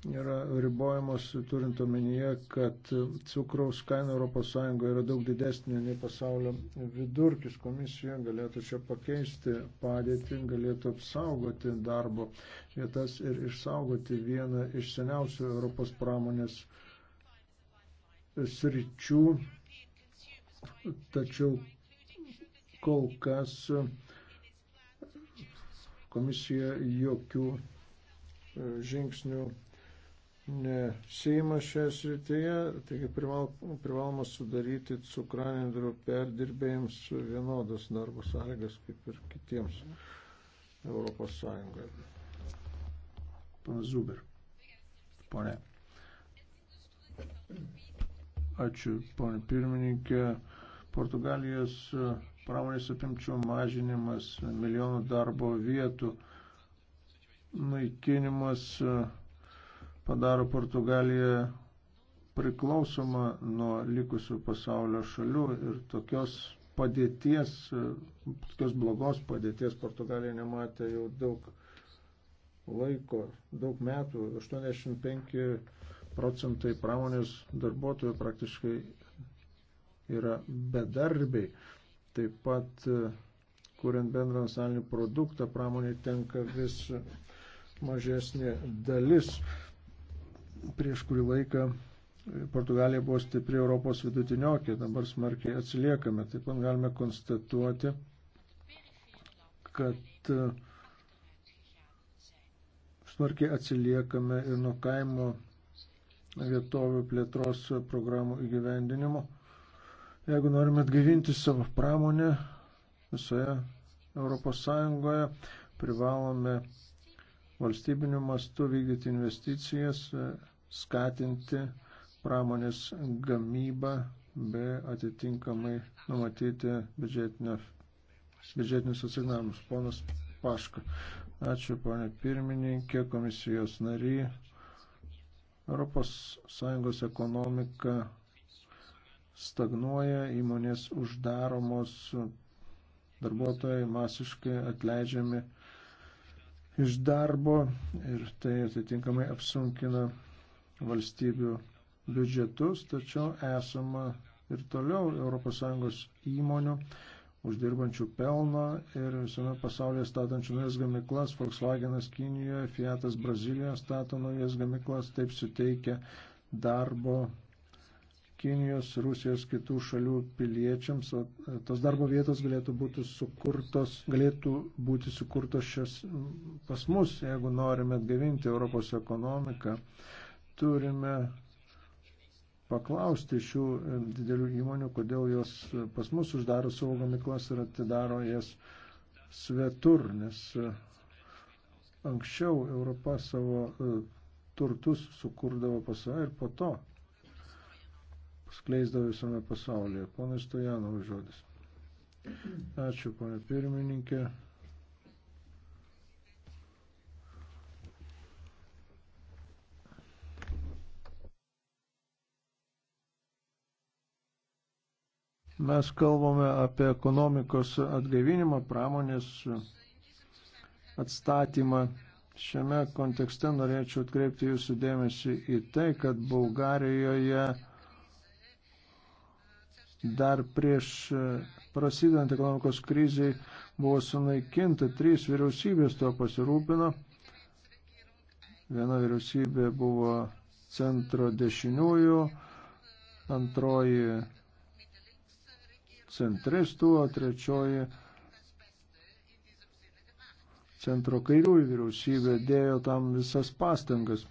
yra ribojamos, turint omenyje, kad cukraus kaina ES yra daug didesnė nei pasaulio vidurkis. Komisija galėtų čia pakeisti padėtį, galėtų apsaugoti darbo vietas ir išsaugoti vieną iš seniausių Europos pramonės sričių, tačiau kol kas komisija jokių e, žingsnių nesima šioje srityje, taigi privaloma prival sudaryti cukranendrių perdirbėjams vienodas darbo sąlygas kaip ir kitiems Europos Sąjungoje. Pana Zuber. Pone. Thank you. Ačiū, ponė pirmininkė. Portugalijos e, pramonės apimčių mažinimas, milijonų darbo vietų naikinimas e, padaro Portugaliją priklausoma nuo likusių pasaulio šalių ir tokios padėties, e, tokios blogos padėties Portugalija nematė jau daug laiko, daug metų, 85 procentai pramonės darbuotojų praktiškai yra bedarbiai. Taip pat, e, kuriant bendrą nacionalinį produktą, pramonė tenka vis mažesnė dalis. Prieš kurį laiką e, Portugalija buvo stipri Europos vidutiniokė, dabar smarkiai atsiliekame. Taip pat galime konstatuoti, kad e, smarkiai atsiliekame ir nuo kaimo vietovių plėtros programų įgyvendinimo. Jeigu norime atgaivinti savo pramonę visoje Europos Sąjungoje, privalome valstybiniu mastu vykdyti investicijas, skatinti pramonės gamybą bei atitinkamai numatyti biudžetinius asignavimus. Ponas Paška. Ačiū, ponė pirmininkė, komisijos nariai. ES ekonomika stagnuoja, įmonės uždaromos, darbuotojai masiškai atleidžiami iš darbo ir tai atitinkamai apsunkina valstybių biudžetus, tačiau esama ir toliau ES įmonių uždirbančių pelną ir visame pasaulyje statančių naujas gamiklas. Volkswagenas Kinijoje, Fiatas Brazilijoje stato naujas gamiklas, taip suteikia darbo Kinijos, Rusijos, kitų šalių piliečiams. O e, tos darbo vietos galėtų būti sukurtos, galėtų būti sukurtos šias pas mus, jeigu norime atgavinti Europos ekonomiką. Turime paklausti šių e, didelių įmonių, kodėl jos e, pas mus uždaro savo gamyklas ir atidaro jas svetur, nes e, anksčiau Europa savo turtus sukurdavo pas save ir po to skleisdavo visame pasaulyje. Ponas Stojanovas žodis. Ačiū, ponė pirmininkė. Mes kalbame apie ekonomikos atgaivinimą, pramonės atstatymą. Šiame kontekste norėčiau atkreipti jūsų dėmesį į tai, kad Bulgarijoje dar prieš prasidant ekonomikos kriziai buvo sunaikinta trys vyriausybės, to pasirūpino. Viena vyriausybė buvo centro dešiniųjų, antroji centristų, o trečioji centro kairiųjų vyriausybė dėjo tam visas pastangas,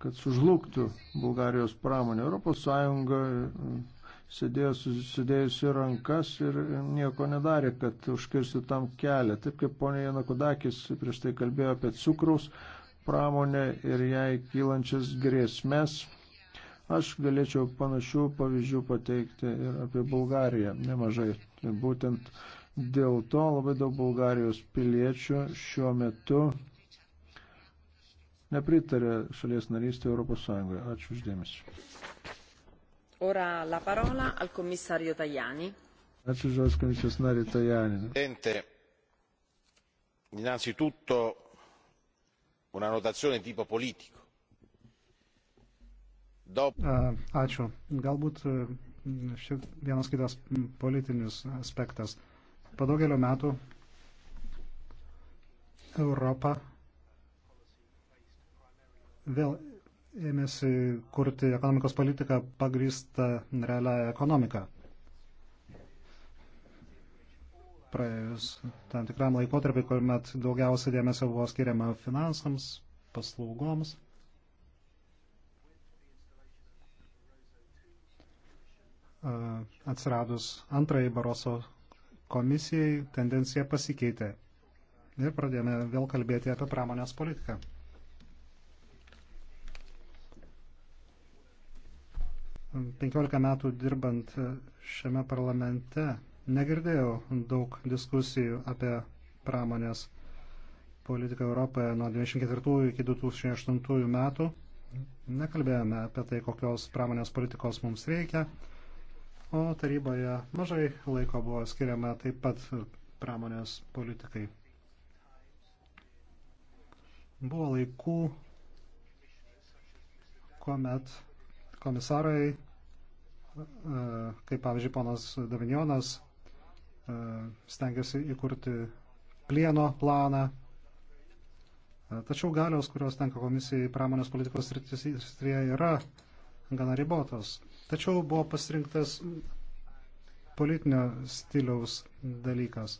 kad sužlugtų Bulgarijos pramonė. Europos Sąjunga e, sėdėjo susidėjusi rankas ir nieko nedarė, kad užkirstų tam kelią. Taip kaip ponė Janakudakis prieš tai kalbėjo apie cukraus pramonę ir jai kylančias grėsmes Aš galėčiau panašių pavyzdžių pateikti ir apie Bulgariją nemažai. Būtent dėl to labai daug Bulgarijos piliečių šiuo metu nepritarė šalies narystė Europos Sąjungoje. Ačiū uždėmesi. Ora la parola al commissario Tajani. Ačiū žodis komisijos nariai Tajani. Presidente, innanzitutto una notazione tipo politico Ačiū. Galbūt mm, šit, vienas kitas mm, politinis aspektas. Po daugelio metų Europa vėl ėmėsi kurti ekonomikos politiką pagrįstą realią ekonomiką. Praėjus tam tikram laikotarpiu, kuomet daugiausia dėmesio buvo skiriama finansams, paslaugoms. atsiradus antrajai Baroso komisijai tendencija pasikeitė. Ir pradėjome vėl kalbėti apie pramonės politiką. Penkiolika metų dirbant šiame parlamente negirdėjau daug diskusijų apie pramonės politiką Europoje nuo 1994 iki 2008 metų. Nekalbėjome apie tai, kokios pramonės politikos mums reikia, o taryboje mažai laiko buvo skiriama taip pat pramonės politikai. Buvo laikų, kuomet komisarai, e, kaip pavyzdžiui ponas Davinionas, e, stengiasi įkurti plieno planą. E, tačiau galios, kurios tenka komisijai pramonės politikos srityje, yra gana ribotos. Tačiau buvo pasirinktas politinio stiliaus dalykas,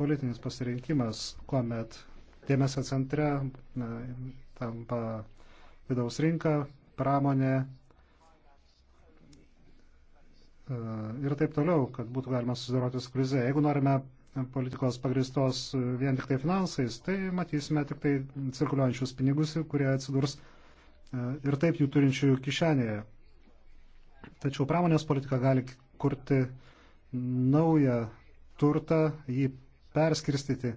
politinis pasirinkimas, kuomet dėmesio centre tampa vidaus rinka, pramonė e, ir taip toliau, kad būtų galima susidoroti su krize. Jeigu norime politikos pagristos vien tik tai finansais, tai matysime tik tai cirkuliuojančius pinigus, kurie atsidurs E, ir taip jų turinčių kišenėje. Tačiau pramonės politika gali kurti naują turtą, jį perskirstyti, e,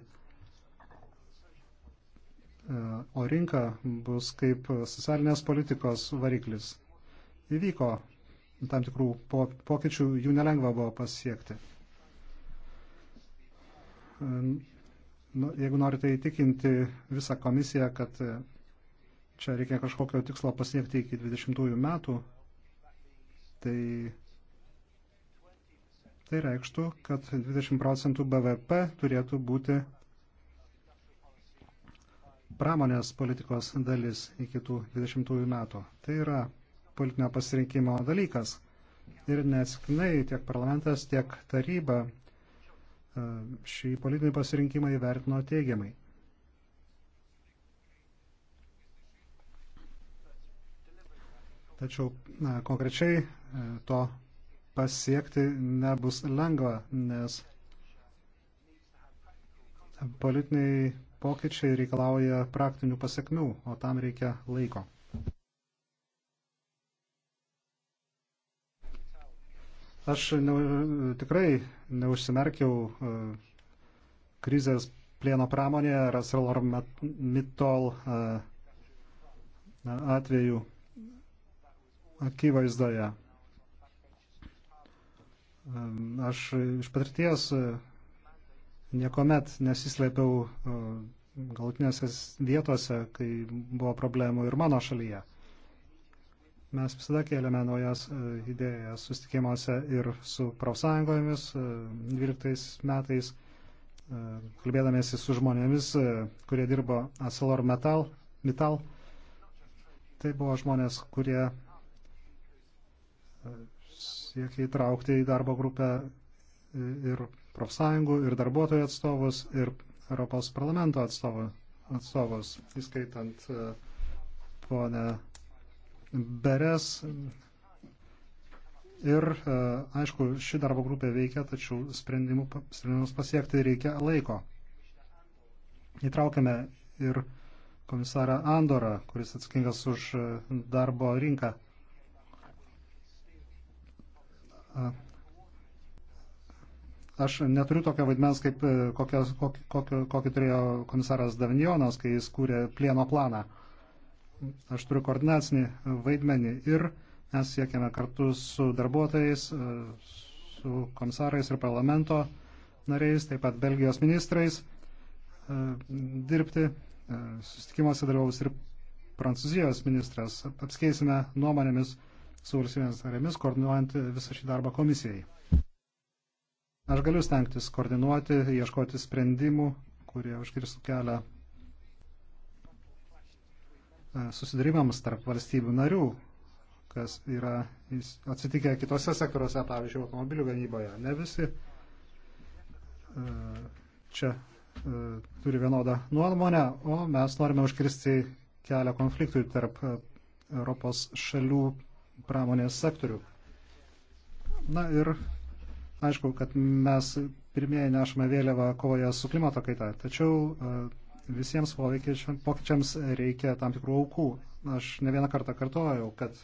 o rinka bus kaip socialinės politikos variklis. Įvyko tam tikrų pokyčių, jų nelengva buvo pasiekti. E, nu, jeigu norite įtikinti visą komisiją, kad čia reikia kažkokio tikslo pasiekti iki 20 metų, tai, tai reikštų, kad 20 procentų BVP turėtų būti pramonės politikos dalis iki tų 20 metų. Tai yra politinio pasirinkimo dalykas. Ir nesiknai tiek parlamentas, tiek taryba e, šį politinį pasirinkimą įvertino teigiamai. Tačiau konkrečiai e, to pasiekti nebus lengva, nes politiniai pokyčiai reikalauja praktinių pasiekmių, o tam reikia laiko. Aš ne, tikrai neužsimerkiau e, krizės plieno pramonėje ar ArcelorMittal e, atveju akivaizdoje. Aš iš patirties e, niekuomet nesislėpiau e, galutinėse vietose, kai buvo problemų ir mano šalyje. Mes visada kėlėme naujas e, idėjas susitikimuose ir su profsąjungomis 12 metais, kalbėdamėsi su žmonėmis, kurie dirbo Acelor Metal. Metal. Tai buvo žmonės, kurie siekia įtraukti į darbo grupę ir profsąjungų, ir darbuotojų atstovus, ir Europos parlamento atstovų, atstovus, įskaitant e, ponę Beres. Ir, e, aišku, ši darbo grupė veikia, tačiau sprendimus pasiekti reikia laiko. Įtraukiame ir komisarą Andorą, kuris atsakingas už e, darbo rinką. Aš neturiu tokio vaidmens, kaip e, kokio, kokio, kokį turėjo komisaras Davignonas, kai jis kūrė plieno planą. Aš turiu koordinacinį vaidmenį ir mes siekiame kartu su darbuotojais, e, su komisarais ir parlamento nariais, taip pat Belgijos ministrais e, dirbti. Sustikimuose dalyvaus ir Prancūzijos ministras. Apskeisime nuomonėmis su valstybės narėmis, koordinuojant visą šį darbą komisijai. Aš galiu stengtis koordinuoti, ieškoti sprendimų, kurie užkirstų kelią e, susidarimams tarp valstybių narių, kas yra atsitikę kitose sektoriuose, pavyzdžiui, automobilių gamyboje. Ne visi e, čia e, turi vienodą nuomonę, o mes norime užkirsti kelią konfliktui tarp Europos šalių pramonės sektorių. Na ir aišku, kad mes pirmieji nešame vėliavą kovoje su klimato kaita, tačiau e, visiems pokyčiams reikia tam tikrų aukų. Aš ne vieną kartą kartojau, kad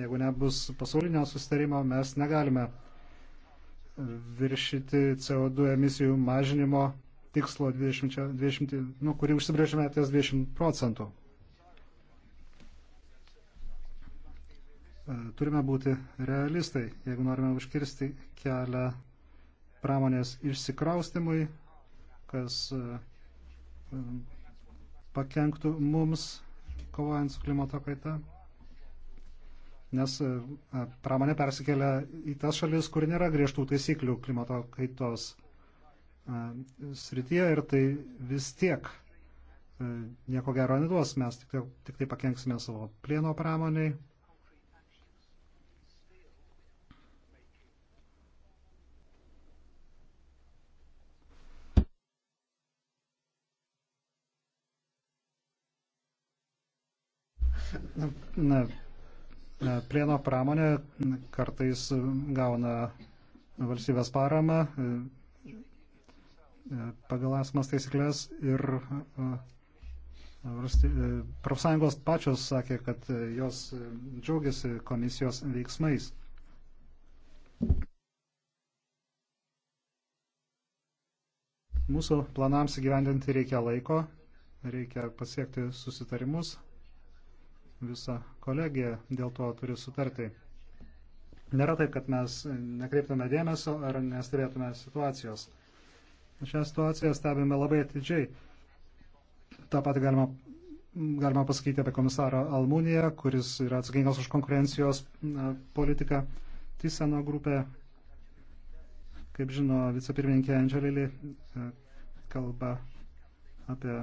jeigu nebus pasaulinio sustarimo, mes negalime viršyti CO2 emisijų mažinimo tikslo, 20, 20, nu, kurį užsibrėžėme ties 20 procentų. E, turime būti realistai, jeigu norime užkirsti kelią pramonės išsikraustimui, kas e, e, pakenktų mums kovojant su klimato kaita, nes pramonė persikelia į tas šalis, kur nėra griežtų taisyklių klimato kaitos srityje ir tai vis tiek nieko gero neduos, mes tik, tik tai pakenksime savo plieno pramoniai, na, plieno pramonė kartais gauna valstybės paramą e, e, pagal esamas taisyklės ir e, profsąjungos pačios sakė, kad jos džiaugiasi komisijos veiksmais. Mūsų planams įgyvendinti reikia laiko, reikia pasiekti susitarimus visa kolegija dėl to turi sutarti. Nėra taip, kad mes nekreiptume dėmesio ar nestebėtume situacijos. Šią situaciją stebime labai atidžiai. Ta pat galima, galima pasakyti apie komisarą Almuniją, kuris yra atsakingas už konkurencijos politiką. Tyseno grupė, kaip žino vicepirmininkė Angelili, kalba apie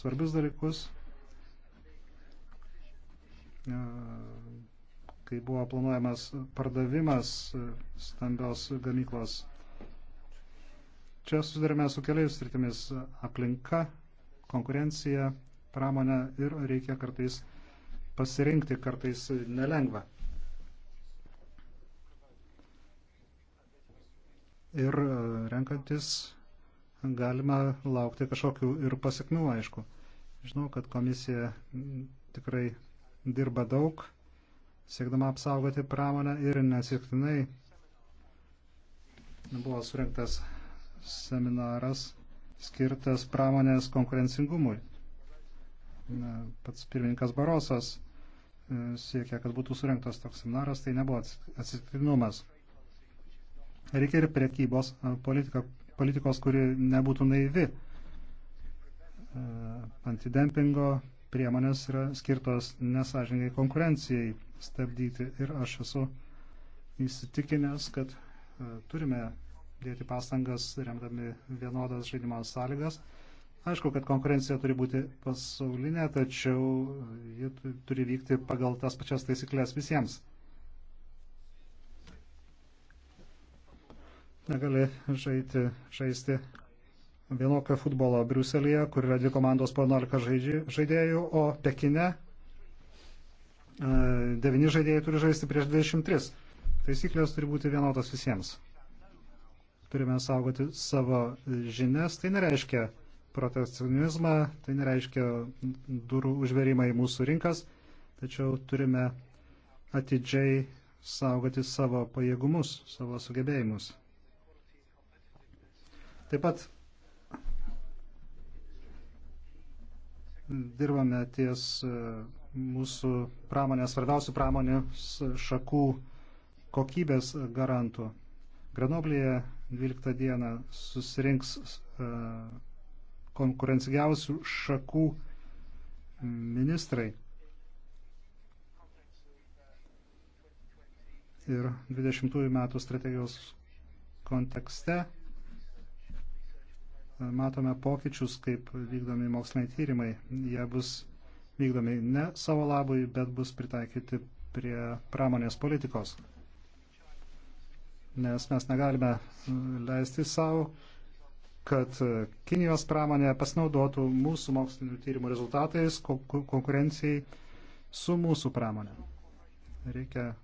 svarbius dalykus, E, kai buvo planuojamas pardavimas stambios gamyklos. Čia susidarėme su keliais sritimis - aplinka, konkurencija, pramonė ir reikia kartais pasirinkti, kartais nelengva. Ir e, renkantis galima laukti kažkokių ir pasiekmių, aišku. Žinau, kad komisija tikrai dirba daug, siekdama apsaugoti pramonę ir nesiktinai buvo surinktas seminaras skirtas pramonės konkurencingumui. Pats pirmininkas Barosas e, siekia, kad būtų surinktas toks seminaras, tai nebuvo atsitiktinumas. Reikia ir priekybos e, politika, politikos, kuri nebūtų naivi, e, antidempingo priemonės yra skirtos nesažininkai konkurencijai stabdyti. Ir aš esu įsitikinęs, kad e, turime dėti pastangas remdami vienodas žaidimo sąlygas. Aišku, kad konkurencija turi būti pasaulinė, tačiau e, ji turi vykti pagal tas pačias taisyklės visiems. Negali žaisti, žaisti vienokio futbolo Briuselėje, kur yra dvi komandos po 11 žaidėjų, o Pekine e, devyni žaidėjai turi žaisti prieš 23. Taisyklės turi būti vienodos visiems. Turime saugoti savo žinias. Tai nereiškia protekcionizmą, tai nereiškia durų užverimą į mūsų rinkas, tačiau turime atidžiai saugoti savo pajėgumus, savo sugebėjimus. Taip pat dirbame ties e, mūsų pramonės, svarbiausių pramonės šakų kokybės garantų. Grenoblyje 12 dieną susirinks e, konkurencingiausių šakų ministrai. Ir 20 metų strategijos kontekste matome pokyčius, kaip vykdomi moksliniai tyrimai. Jie bus vykdomi ne savo labui, bet bus pritaikyti prie pramonės politikos. Nes mes negalime leisti savo, kad Kinijos pramonė pasinaudotų mūsų mokslinių tyrimų rezultatais konkurencijai su mūsų pramonė. Reikia e,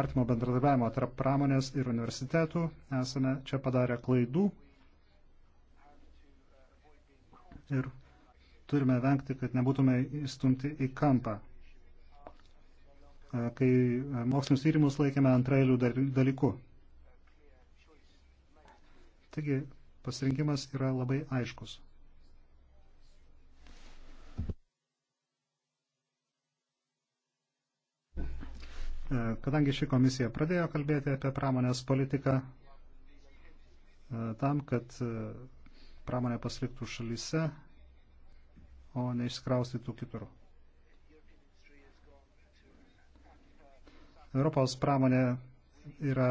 artimo bendradarbiavimo tarp pramonės ir universitetų. Esame čia padarę klaidų ir turime vengti, kad nebūtume įstumti į kampą. E, kai e, mokslinius tyrimus laikėme antrailių dalykų. Taigi pasirinkimas yra labai aiškus. E, kadangi ši komisija pradėjo kalbėti apie pramonės politiką, tam, kad pramonė pasiliktų šalyse, o neišskraustytų kitur. Europos pramonė yra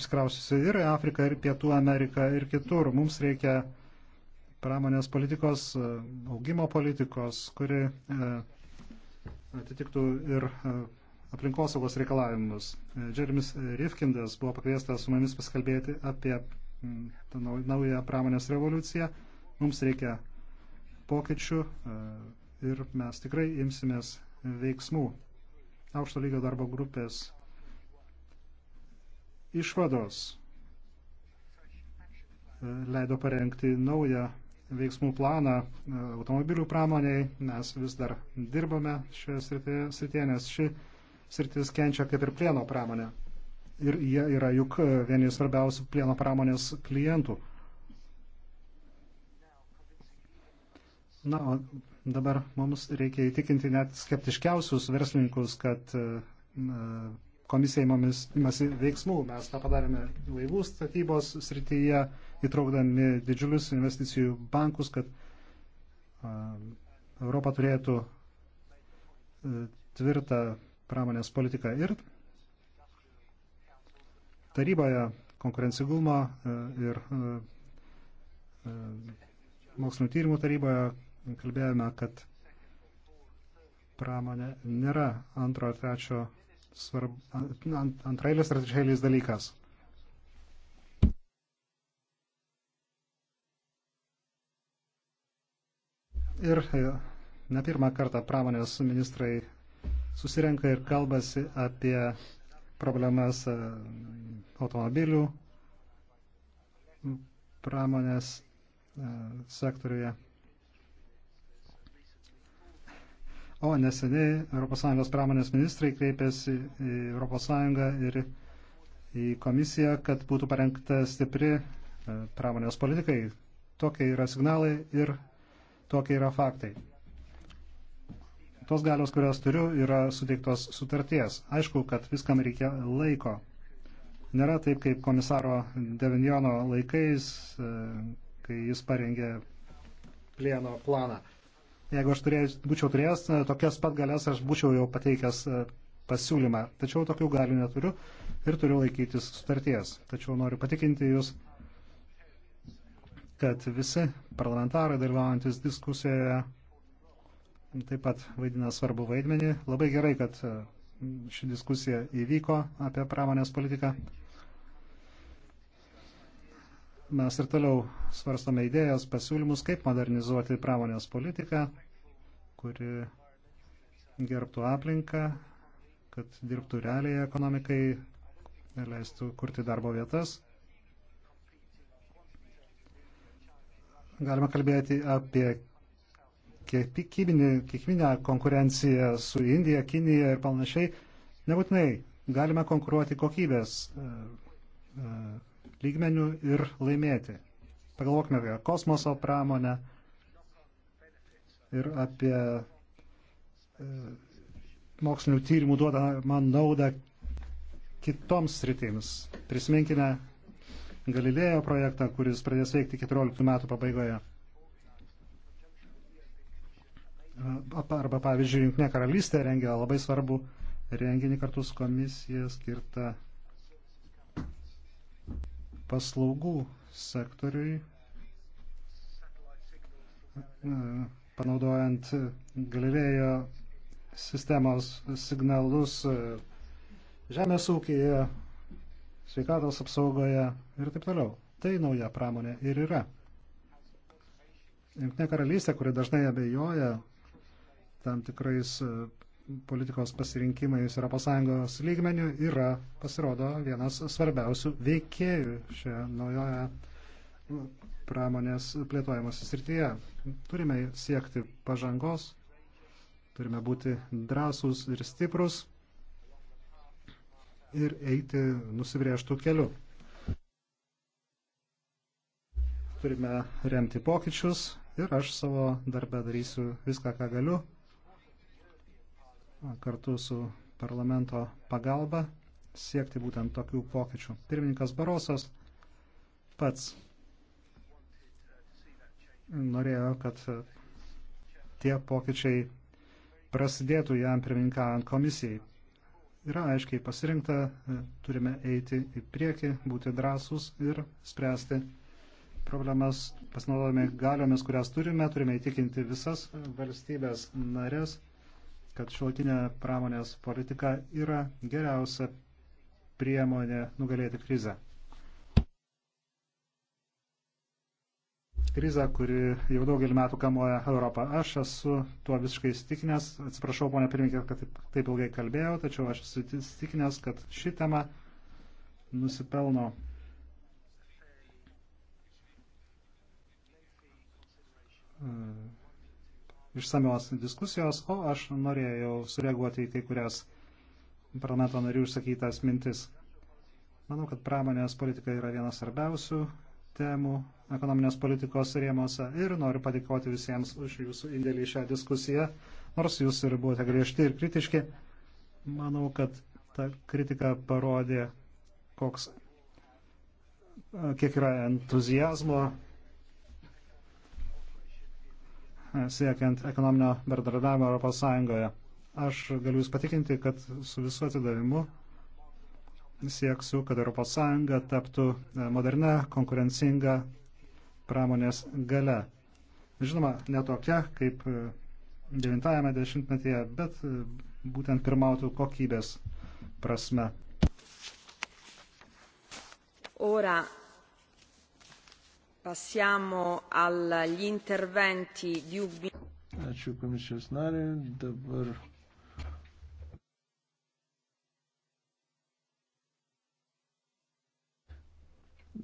iškrausiusi ir Afriką, ir Pietų Ameriką, ir kitur. Mums reikia pramonės politikos, augimo politikos, kuri e, atitiktų ir e, aplinkosaugos reikalavimus. Džeremis e, Rifkindas buvo pakviestas su mumis paskalbėti apie Mm, naują pramonės revoliuciją. Mums reikia pokyčių e, ir mes tikrai imsimės veiksmų. Aukšto lygio darbo grupės išvados e, leido parengti naują veiksmų planą e, automobilių pramoniai. Mes vis dar dirbame šioje srityje, nes ši sritis kenčia kaip ir plieno pramonė ir jie yra juk vieni svarbiausių plieno pramonės klientų. Na, o dabar mums reikia įtikinti net skeptiškiausius verslininkus, kad e, komisija įmasi veiksmų. Mes tą padarėme laivų statybos srityje, įtraukdami didžiulius investicijų bankus, kad Europa turėtų e, tvirtą pramonės politiką ir taryboje konkurencingumo e, ir e, e, mokslinio tyrimų taryboje kalbėjome, kad pramonė nėra antro ar trečio svarb... ant, antrailės ar trečiailės dalykas. Ir ne pirmą kartą pramonės ministrai susirenka ir kalbasi apie problemas e, automobilių pramonės e, sektoriuje. O neseniai ES pramonės ministrai kreipėsi į ES ir į komisiją, kad būtų parengta stipri e, pramonės politikai. Tokie yra signalai ir tokie yra faktai. Tos galios, kurias turiu, yra suteiktos sutarties. Aišku, kad viskam reikia laiko. Nėra taip, kaip komisaro Devinjono laikais, e, kai jis parengė plieno planą. Jeigu aš turėjus, būčiau turėjęs e, tokias pat galės, aš būčiau jau pateikęs e, pasiūlymą. Tačiau tokių galių neturiu ir turiu laikytis sutarties. Tačiau noriu patikinti Jūs, kad visi parlamentarai dalyvaujantis diskusijoje taip pat vaidina svarbu vaidmenį. Labai gerai, kad e, ši diskusija įvyko apie pramonės politiką. Mes ir toliau svarstome idėjas, pasiūlymus, kaip modernizuoti pramonės politiką, kuri gerbtų aplinką, kad dirbtų realiai ekonomikai, leistų kurti darbo vietas. Galima kalbėti apie kiekybinę konkurenciją su Indija, Kinija ir panašiai, nebūtinai galime konkuruoti kokybės e, e, lygmenių ir laimėti. Pagalvokime apie kosmoso pramonę ir apie e, mokslinių tyrimų duodamą naudą kitoms sritims. Prisiminkime Galilėjo projektą, kuris pradės veikti 14 metų pabaigoje arba pavyzdžiui, Junktinė karalystė rengia labai svarbu renginį kartu su komisija skirtą paslaugų sektoriui, panaudojant galilėjo sistemos signalus žemės ūkyje, sveikatos apsaugoje ir taip toliau. Tai nauja pramonė ir yra. Junktinė karalystė, kuri dažnai abejoja tam tikrais e, politikos pasirinkimais ES lygmenių yra, pasirodo, vienas svarbiausių veikėjų šioje naujoje pramonės plėtojimos srityje. Turime siekti pažangos, turime būti drąsūs ir stiprus ir eiti nusibrieštų keliu. Turime remti pokyčius ir aš savo darbę darysiu viską, ką galiu, kartu su parlamento pagalba siekti būtent tokių pokyčių. Pirmininkas Barosas pats norėjo, kad tie pokyčiai prasidėtų jam pirmininkavant komisijai. Yra aiškiai pasirinkta, turime eiti į priekį, būti drąsūs ir spręsti problemas, pasinaudodami galiomis, kurias turime, turime įtikinti visas valstybės narės kad šiuolaikinė pramonės politika yra geriausia priemonė nugalėti krizę. Krizę, kuri jau daugelį metų kamuoja Europą. Aš esu tuo visiškai įstikinęs. Atsiprašau, ponia pirmininkė, kad taip, taip ilgai kalbėjau, tačiau aš esu įstikinęs, kad ši tema nusipelno uh, išsamios diskusijos, o aš norėjau sureaguoti į kai kurias parlamento narių išsakytas mintis. Manau, kad pramonės politika yra vienas svarbiausių temų ekonominės politikos rėmose ir noriu padėkoti visiems už jūsų indėlį į šią diskusiją, nors jūs ir buvote griežti ir kritiški. Manau, kad ta kritika parodė, koks, kiek yra entuzijazmo siekiant ekonominio bendradarbiavimo Europos Sąjungoje. Aš galiu Jūs patikinti, kad su visu atidavimu sieksiu, kad Europos Sąjunga taptų e, moderna, konkurencinga pramonės gale. Žinoma, netokia kaip 90-ame e, dešimtmetyje, bet e, būtent pirmautų kokybės prasme. Ora Passiamo agli interventi di Ubi. Ačiū komisijos nariai. Dabar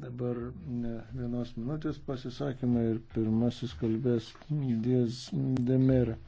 Dabar vienos minutės pasisakymai ir pirmasis kalbės Dies Demera.